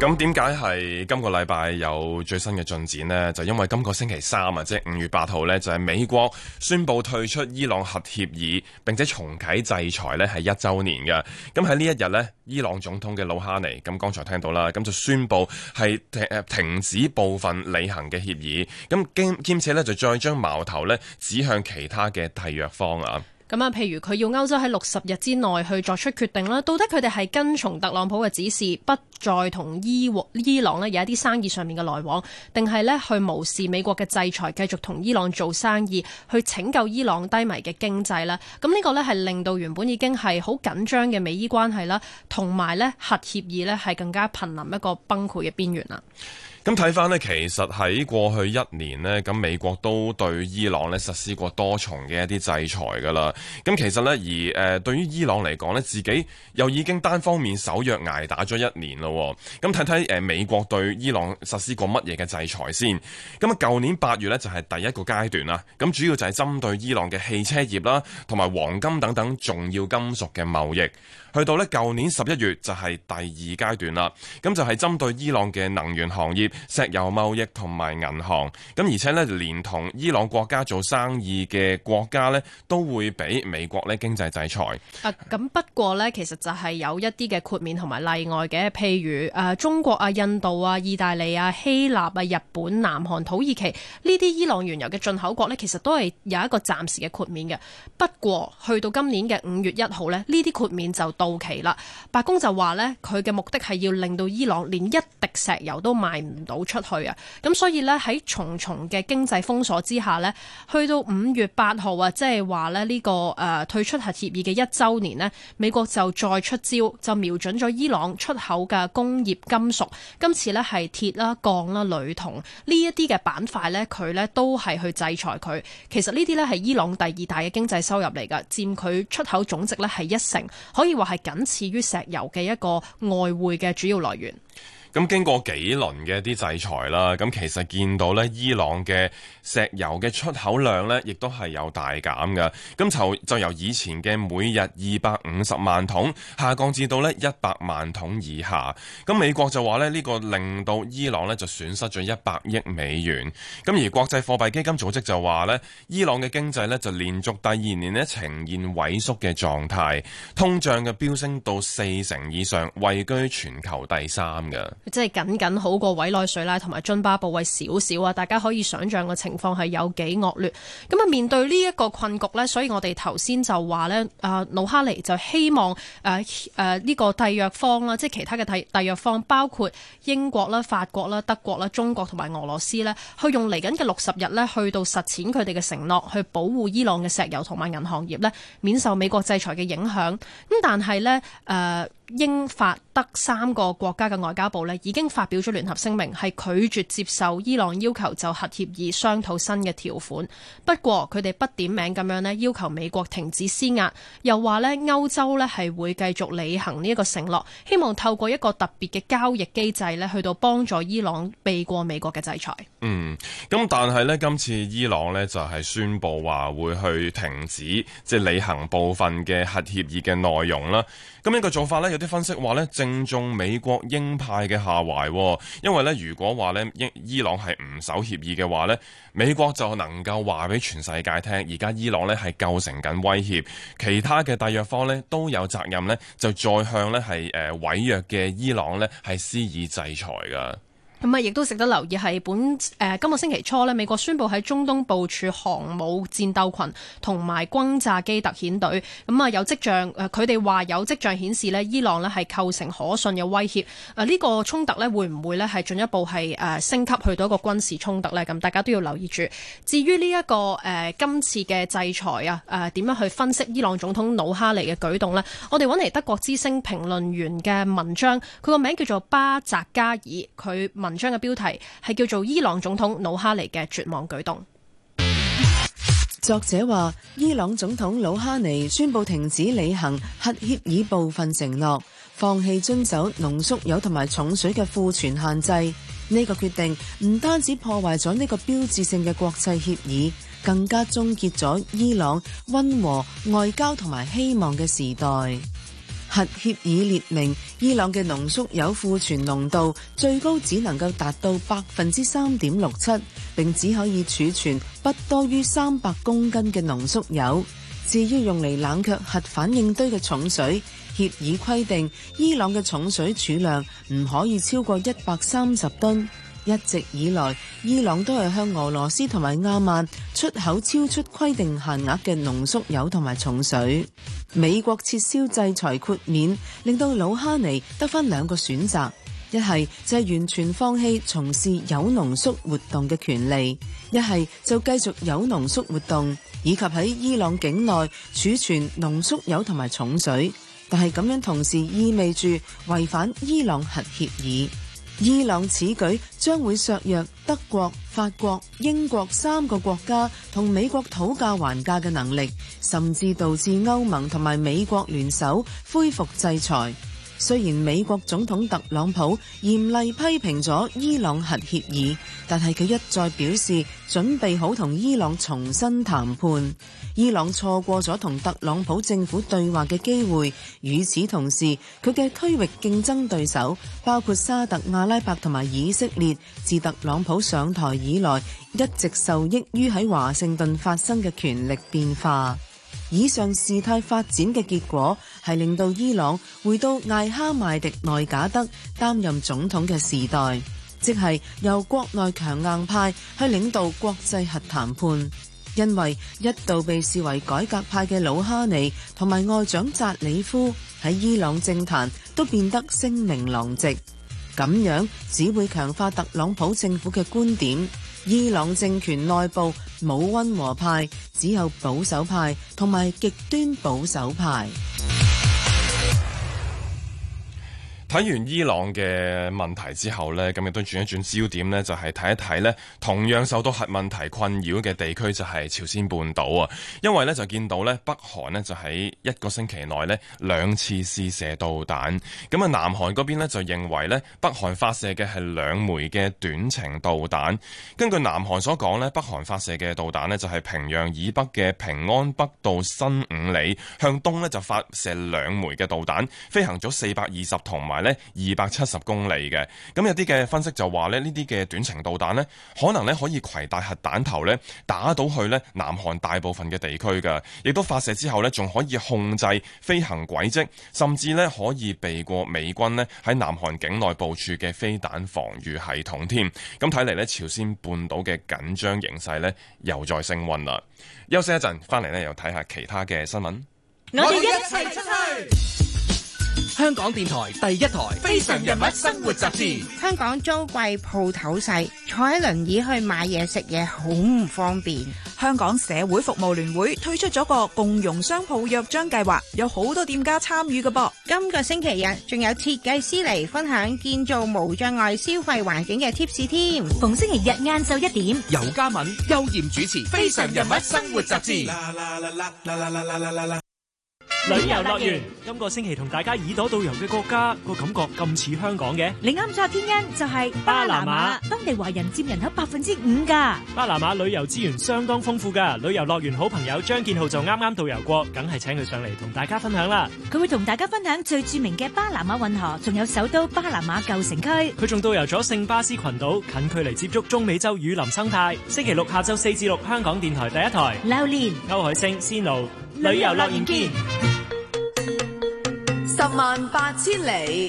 咁點解係今個禮拜有最新嘅進展呢？就因為今個星期三啊，即係五月八號呢，就係、是、美國宣布退出伊朗核協議，並且重啟制裁呢係一周年嘅。咁喺呢一日呢，伊朗總統嘅魯哈尼咁剛才聽到啦,咁就宣布係停止部分履行嘅協議。咁兼兼且呢，就再將矛頭呢指向其他嘅締約方啊！咁啊，譬如佢要歐洲喺六十日之內去作出決定啦，到底佢哋係跟從特朗普嘅指示，不再同伊伊朗呢有一啲生意上面嘅來往，定係呢去無視美國嘅制裁，繼續同伊朗做生意，去拯救伊朗低迷嘅經濟啦？咁呢個呢，係令到原本已經係好緊張嘅美伊關係啦，同埋呢核協議呢，係更加瀕臨一個崩潰嘅邊緣啦。咁睇翻呢，其實喺過去一年呢，咁美國都對伊朗呢實施過多重嘅一啲制裁噶啦。咁其實呢，而誒、呃、對於伊朗嚟講呢，自己又已經單方面守約捱打咗一年咯。咁睇睇美國對伊朗實施過乜嘢嘅制裁先。咁啊，舊年八月呢，就係第一個階段啦。咁主要就係針對伊朗嘅汽車業啦，同埋黃金等等重要金屬嘅貿易。去到呢舊年十一月就係第二階段啦，咁就係、是、針對伊朗嘅能源行業、石油貿易同埋銀行，咁而且呢，連同伊朗國家做生意嘅國家呢，都會俾美國呢經濟制裁。咁、啊、不過呢，其實就係有一啲嘅豁免同埋例外嘅，譬如、呃、中國啊、印度啊、意大利啊、希臘啊、日本、南韓、土耳其呢啲伊朗原油嘅進口國呢，其實都係有一個暫時嘅豁免嘅。不過去到今年嘅五月一號呢，呢啲豁免就當到期啦，白宮就話呢，佢嘅目的係要令到伊朗連一滴石油都賣唔到出去啊！咁所以呢，喺重重嘅經濟封鎖之下呢，去到五月八號啊，即係話呢，呢個誒退出核協議嘅一周年呢，美國就再出招，就瞄準咗伊朗出口嘅工業金屬。今次呢，係鐵啦、鋼啦、鋁銅呢一啲嘅板塊呢，佢呢都係去制裁佢。其實呢啲呢，係伊朗第二大嘅經濟收入嚟噶，佔佢出口總值呢，係一成，可以話係。係僅次於石油嘅一個外匯嘅主要來源。咁經過幾輪嘅一啲制裁啦，咁其實見到呢伊朗嘅石油嘅出口量呢，亦都係有大減嘅。咁就就由以前嘅每日二百五十萬桶下降至到呢一百萬桶以下。咁美國就話呢，呢個令到伊朗呢就損失咗一百億美元。咁而國際貨幣基金組織就話呢，伊朗嘅經濟呢就連續第二年呢呈現萎縮嘅狀態，通脹嘅飆升到四成以上，位居全球第三嘅。即係僅僅好過委內瑞拉同埋津巴布韋少少啊！大家可以想象嘅情況係有幾惡劣。咁啊，面對呢一個困局呢，所以我哋頭先就話呢，啊、呃，努哈尼就希望誒誒呢個締約方啦，即係其他嘅締約方，包括英國啦、法國啦、德國啦、中國同埋俄羅斯呢，去用嚟緊嘅六十日呢，去到實踐佢哋嘅承諾，去保護伊朗嘅石油同埋銀行業呢，免受美國制裁嘅影響。咁但係呢。誒、呃。英法德三個國家嘅外交部已經發表咗聯合聲明，係拒絕接受伊朗要求就核協議商討新嘅條款。不過佢哋不點名咁樣要求美國停止施壓，又話咧歐洲咧係會繼續履行呢一個承諾，希望透過一個特別嘅交易機制去到幫助伊朗避過美國嘅制裁。嗯，咁但係呢，今次伊朗呢就係、是、宣布話會去停止即係、就是、履行部分嘅核協議嘅內容啦。咁呢個做法呢，有啲分析話呢，正中美國鷹派嘅下懷喔，因為呢，如果話呢，伊伊朗係唔守協議嘅話呢，美國就能夠話俾全世界聽，而家伊朗呢係構成緊威脅，其他嘅締約方呢都有責任呢，就再向呢係誒違約嘅伊朗呢係施以制裁㗎。咁啊，亦都值得留意係本誒、呃、今個星期初咧，美國宣佈喺中東部署航母戰鬥群同埋轟炸機特遣隊。咁、呃、啊，有跡象誒，佢哋話有跡象顯示咧，伊朗咧係構成可信嘅威脅誒，呢、呃，這個衝突咧會唔會咧係進一步係誒、呃、升級去到一個軍事衝突咧？咁大家都要留意住。至於呢、這、一個誒、呃，今次嘅制裁啊，誒、呃、點樣去分析伊朗總統努哈尼嘅舉動咧？我哋揾嚟德國之聲評論員嘅文章，佢個名叫做巴澤加爾，佢問。文章嘅標題係叫做伊《伊朗總統魯哈尼嘅絕望舉動》。作者話：伊朗總統魯哈尼宣布停止履行核協議部分承諾，放棄遵守濃縮鈾同埋重水嘅庫存限制。呢、這個決定唔單止破壞咗呢個標誌性嘅國際協議，更加終結咗伊朗溫和外交同埋希望嘅時代。核協議列明，伊朗嘅濃縮鈾庫存濃度最高只能夠達到百分之三點六七，並只可以儲存不多於三百公斤嘅濃縮鈾。至於用嚟冷卻核反應堆嘅重水，協議規定，伊朗嘅重水儲量唔可以超過一百三十噸。一直以來，伊朗都係向俄羅斯同埋亞曼出口超出規定限額嘅濃縮油同埋重水。美國撤銷制裁豁免，令到魯哈尼得返兩個選擇：一係就係完全放棄從事有濃縮活動嘅權利；一係就繼續有濃縮活動，以及喺伊朗境內儲存濃縮油同埋重水。但係咁樣同時意味住違反伊朗核協議。伊朗此舉將會削弱德國、法國、英國三個國家同美國討價還價嘅能力，甚至導致歐盟同埋美國聯手恢復制裁。雖然美國總統特朗普嚴厲批評咗伊朗核協議，但係佢一再表示準備好同伊朗重新談判。伊朗錯過咗同特朗普政府對話嘅機會，與此同時，佢嘅區域競爭對手包括沙特阿拉伯同埋以色列，自特朗普上台以來一直受益於喺華盛頓發生嘅權力變化。以上事態發展嘅結果係令到伊朗回到艾哈邁迪內賈德擔任總統嘅時代，即係由國內強硬派去領導國際核談判。因為一度被視為改革派嘅魯哈尼同埋外長扎里夫喺伊朗政壇都變得聲名狼藉，咁樣只會強化特朗普政府嘅觀點。伊朗政權內部冇溫和派，只有保守派同埋極端保守派。睇完伊朗嘅問題之後咧，咁亦都轉一轉焦點咧，就係睇一睇咧，同樣受到核問題困擾嘅地區就係朝鮮半島啊。因為咧就見到咧，北韓咧就喺一個星期內咧兩次試射導彈，咁啊，南韓嗰邊咧就認為咧，北韓發射嘅係兩枚嘅短程導彈，根據南韓所講咧，北韓發射嘅導彈咧就係平壤以北嘅平安北道新五里，向東咧就發射兩枚嘅導彈飛行咗四百二十同埋。二百七十公里嘅，咁有啲嘅分析就話咧，呢啲嘅短程導彈呢，可能咧可以攜帶核彈頭呢，打到去呢南韓大部分嘅地區㗎，亦都發射之後呢，仲可以控制飛行軌跡，甚至呢，可以避過美軍呢，喺南韓境內部署嘅飛彈防禦系統添。咁睇嚟呢，朝鮮半島嘅緊張形勢呢，又再升溫啦。休息一陣，翻嚟呢，又睇下其他嘅新聞。香港電台第一台《非常人物生活雜誌》。香港租貴鋪頭細，坐喺輪椅去買嘢食嘢好唔方便。香港社會服務聯會推出咗個共融商鋪約章計劃，有好多店家參與嘅噃。今個星期日仲有設計師嚟，分享建造無障礙消費環境嘅貼士添。逢星期日晏晝一點。尤嘉敏、邱艷主持《非常人物生活雜誌》啦啦啦啦。啦啦啦啦旅遊樂園，今、這個星期同大家耳朵導遊嘅國家個感覺咁似香港嘅。你啱咗，天恩就係、是、巴拿馬，當地華人佔人口百分之五噶。巴拿馬旅遊資源相當豐富噶，旅遊樂園好朋友張建浩就啱啱導遊過，梗係請佢上嚟同大家分享啦。佢會同大家分享最著名嘅巴拿馬運河，仲有首都巴拿馬舊城區。佢仲導遊咗聖巴斯群島，近距離接觸中美洲雨林生態。星期六下晝四至六，香港電台第一台。榴念、歐海星、仙露。旅遊樂園見，十萬八千里。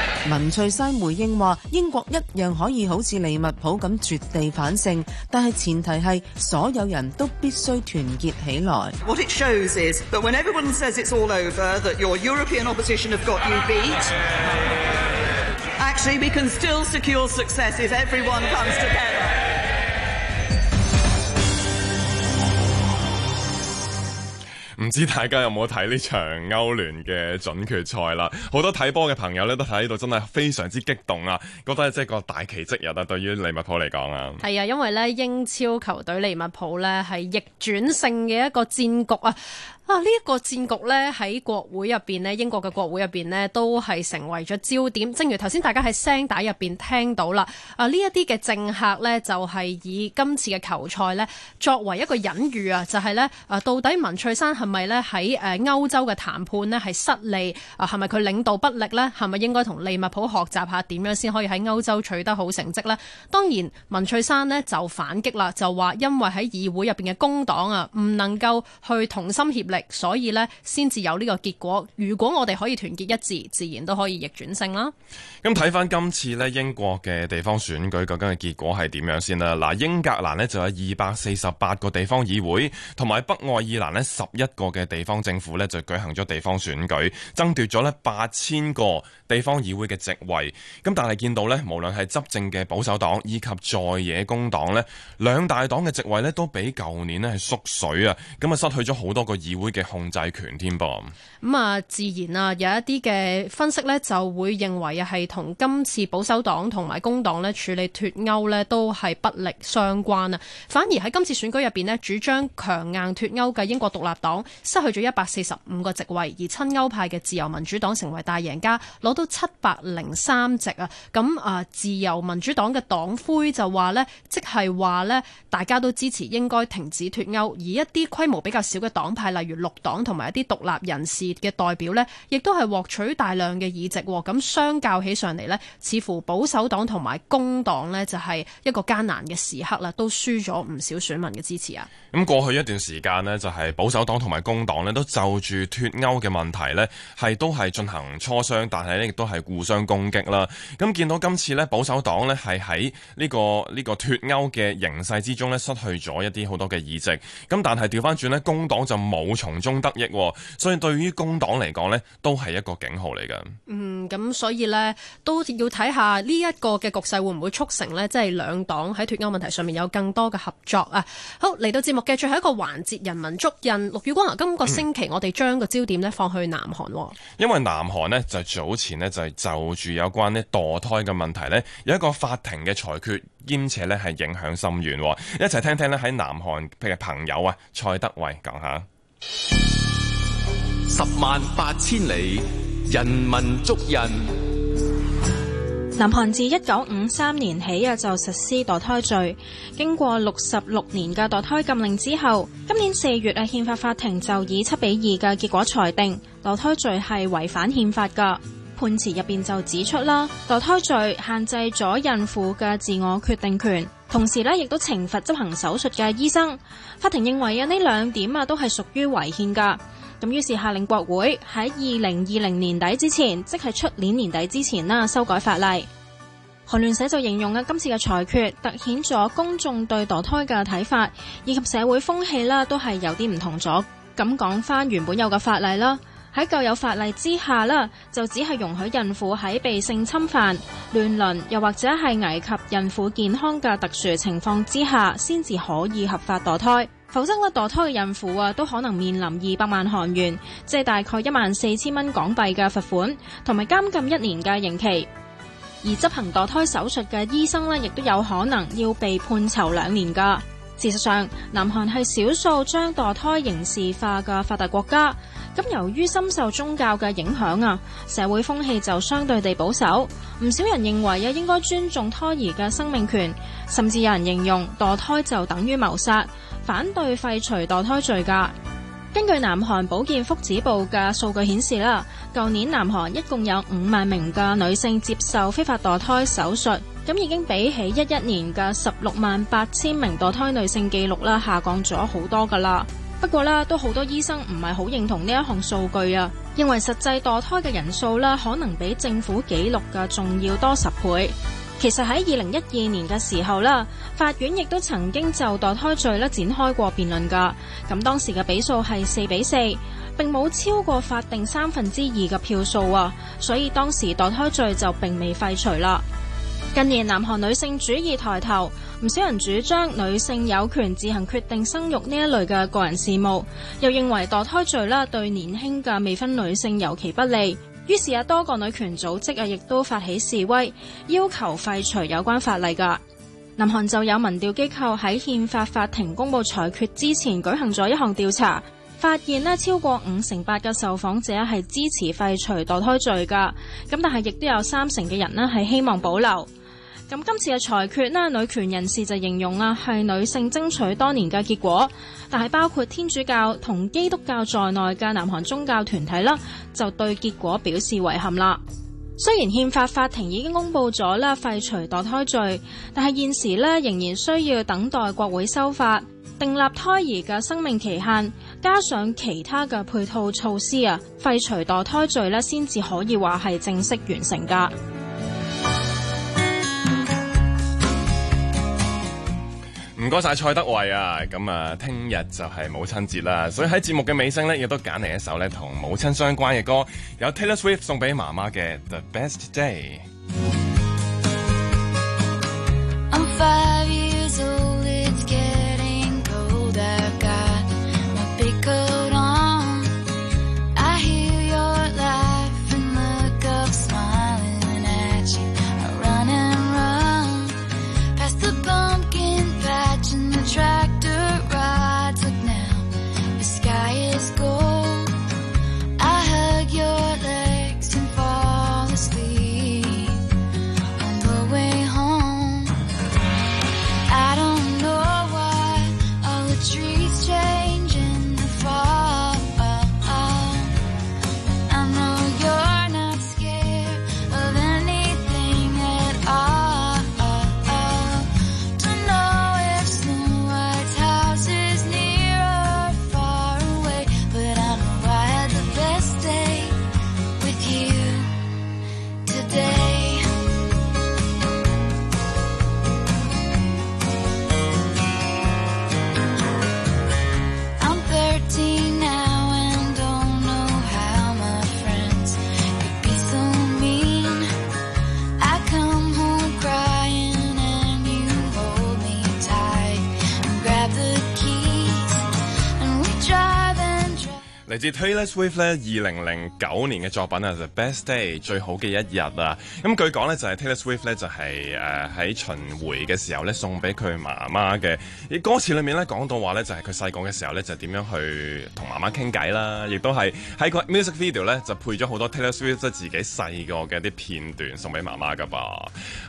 文翠珊回應話：英國一樣可以好似利物浦咁絕地反勝，但係前提係所有人都必須團結起來。What it shows is, when everyone says it's all over, that your European opposition have got you beat, actually we can still secure success if everyone comes together. 唔知大家有冇睇呢場歐聯嘅準決賽啦？好多睇波嘅朋友咧都睇到真係非常之激動啊！覺得即係個大奇蹟啊，對於利物浦嚟講啊，係啊，因為咧英超球隊利物浦咧係逆轉性嘅一個戰局啊！啊！呢、這、一個戰局呢喺國會入面呢，呢英國嘅國會入面呢都係成為咗焦點。正如頭先大家喺聲帶入面聽到啦，啊呢一啲嘅政客呢，就係、是、以今次嘅球賽呢作為一個隱喻啊，就係、是、呢，啊到底文翠珊係咪呢喺誒歐洲嘅談判呢係失利啊？係咪佢領導不力呢？係咪應該同利物浦學習下點樣先可以喺歐洲取得好成績呢？當然文翠珊呢就反擊啦，就話因為喺議會入面嘅工黨啊，唔能夠去同心協力。所以呢，先至有呢個結果。如果我哋可以團結一致，自然都可以逆轉勝啦。咁睇翻今次呢英國嘅地方選舉究竟嘅結果係點樣先啦？嗱，英格蘭呢，就有二百四十八個地方議會，同埋北愛爾蘭呢，十一個嘅地方政府呢，就舉行咗地方選舉，爭奪咗呢八千個地方議會嘅席位。咁但係見到呢，無論係執政嘅保守黨以及在野工黨呢，兩大黨嘅席位呢，都比舊年呢係縮水啊！咁啊，失去咗好多個議會。會嘅控制權添噃。咁啊，自然啊，有一啲嘅分析咧，就會認為啊，係同今次保守黨同埋工黨咧處理脫歐咧都係不力相關啊。反而喺今次選舉入邊咧，主張強硬脫歐嘅英國獨立黨失去咗一百四十五個席位，而親歐派嘅自由民主黨成為大贏家，攞到七百零三席啊。咁啊，自由民主黨嘅黨魁就話咧，即係話咧，大家都支持應該停止脫歐，而一啲規模比較小嘅黨派，例如綠黨同埋一啲獨立人士。嘅代表呢亦都係獲取大量嘅議席，咁相較起上嚟呢，似乎保守黨同埋工黨呢就係一個艱難嘅時刻啦，都輸咗唔少選民嘅支持啊。咁過去一段時間呢，就係、是、保守黨同埋工黨呢都就住脫歐嘅問題呢，係都係進行磋商，但係呢亦都係互相攻擊啦。咁見到今次呢，保守黨呢係喺呢個呢、這個脫歐嘅形勢之中呢，失去咗一啲好多嘅議席，咁但係調翻轉呢，工黨就冇從中得益，所以對於。工黨嚟講呢都係一個警號嚟噶。嗯，咁所以呢，都要睇下呢一個嘅局勢會唔會促成呢？即係兩黨喺脫歐問題上面有更多嘅合作啊。好，嚟到節目嘅最後一個環節，人民足印。陸宇光啊，今個星期我哋將個焦點呢放去南韓。因為南韓呢，就早前呢，就係就住有關呢墮胎嘅問題呢，有一個法庭嘅裁決，兼且呢係影響深遠。一齊聽聽呢，喺南韓嘅朋友啊，蔡德偉講下。 十萬八千里，人民足印。南韓自一九五三年起啊，就實施墮胎罪。經過六十六年嘅墮胎禁令之後，今年四月啊，憲法法庭就以七比二嘅結果裁定墮胎罪係違反憲法噶。判詞入面就指出啦，墮胎罪限制咗孕婦嘅自我決定權，同時咧亦都懲罰執行手術嘅醫生。法庭認為啊，呢兩點啊都係屬於違憲噶。咁於是下令國會喺二零二零年底之前，即係出年年底之前啦，修改法例。韓聯社就形容啊，今次嘅裁決凸顯咗公眾對墮胎嘅睇法以及社會風氣啦，都係有啲唔同咗。咁講返原本有嘅法例啦，喺舊有法例之下啦，就只係容許孕婦喺被性侵犯、亂倫又或者係危及孕婦健康嘅特殊情況之下，先至可以合法墮胎。否則咧，墮胎嘅孕婦啊，都可能面臨二百萬韓元，即係大概一萬四千蚊港幣嘅罰款，同埋監禁一年嘅刑期。而執行墮胎手術嘅醫生呢，亦都有可能要被判囚兩年噶。事實上，南韓係少數將墮胎刑事化嘅發達國家。咁由於深受宗教嘅影響啊，社會風氣就相對地保守。唔少人認為也應該尊重胎兒嘅生命權，甚至有人形容墮胎就等於謀殺。反對廢除墮胎罪噶。根據南韓保健福祉部嘅數據顯示啦，舊年南韓一共有五萬名嘅女性接受非法墮胎手術，咁已經比起一一年嘅十六萬八千名墮胎女性記錄啦，下降咗好多噶啦。不過咧，都好多醫生唔係好認同呢一項數據啊，認為實際墮胎嘅人數可能比政府記錄嘅仲要多十倍。其實喺二零一二年嘅時候啦，法院亦都曾經就墮胎罪咧展開過辯論噶。咁當時嘅比數係四比四，並冇超過法定三分之二嘅票數啊，所以當時墮胎罪就並未廢除啦。近年南韓女性主義抬頭，唔少人主張女性有權自行決定生育呢一類嘅個人事務，又認為墮胎罪咧對年輕嘅未婚女性尤其不利。於是有多個女權組織啊，亦都發起示威，要求廢除有關法例噶。南韓就有民調機構喺憲法法庭公布裁決之前，舉行咗一項調查，發現咧超過五成八嘅受訪者係支持廢除墮胎罪噶，咁但係亦都有三成嘅人咧係希望保留。咁今次嘅裁決咧，女權人士就形容啊，係女性爭取多年嘅結果。但係包括天主教同基督教在內嘅南韓宗教團體啦，就對結果表示遺憾啦。雖然憲法法庭已經公布咗啦廢除墮胎罪，但係現時咧仍然需要等待國會修法，訂立胎兒嘅生命期限，加上其他嘅配套措施啊，廢除墮胎罪咧先至可以話係正式完成㗎。唔該晒蔡德偉啊，咁啊，聽日就係母親節啦，所以喺節目嘅尾聲呢，亦都揀嚟一首呢同母親相關嘅歌，有 Taylor Swift 送俾媽媽嘅《The Best Day》。Taylor Swift 咧，二零零九年嘅作品啊，就 Best Day 最好嘅一日啊。咁據講咧，就係、是、Taylor Swift 咧、就是，就係誒喺巡迴嘅時候咧，送俾佢媽媽嘅。而歌詞裏面咧，講到話咧，就係佢細個嘅時候咧，就點樣去同媽媽傾偈啦。亦都係喺個 music video 咧，就配咗好多 Taylor Swift 即係自己細個嘅一啲片段送俾媽媽噶噃。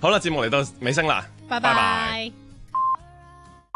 好啦，節目嚟到尾聲啦，拜拜。Bye bye。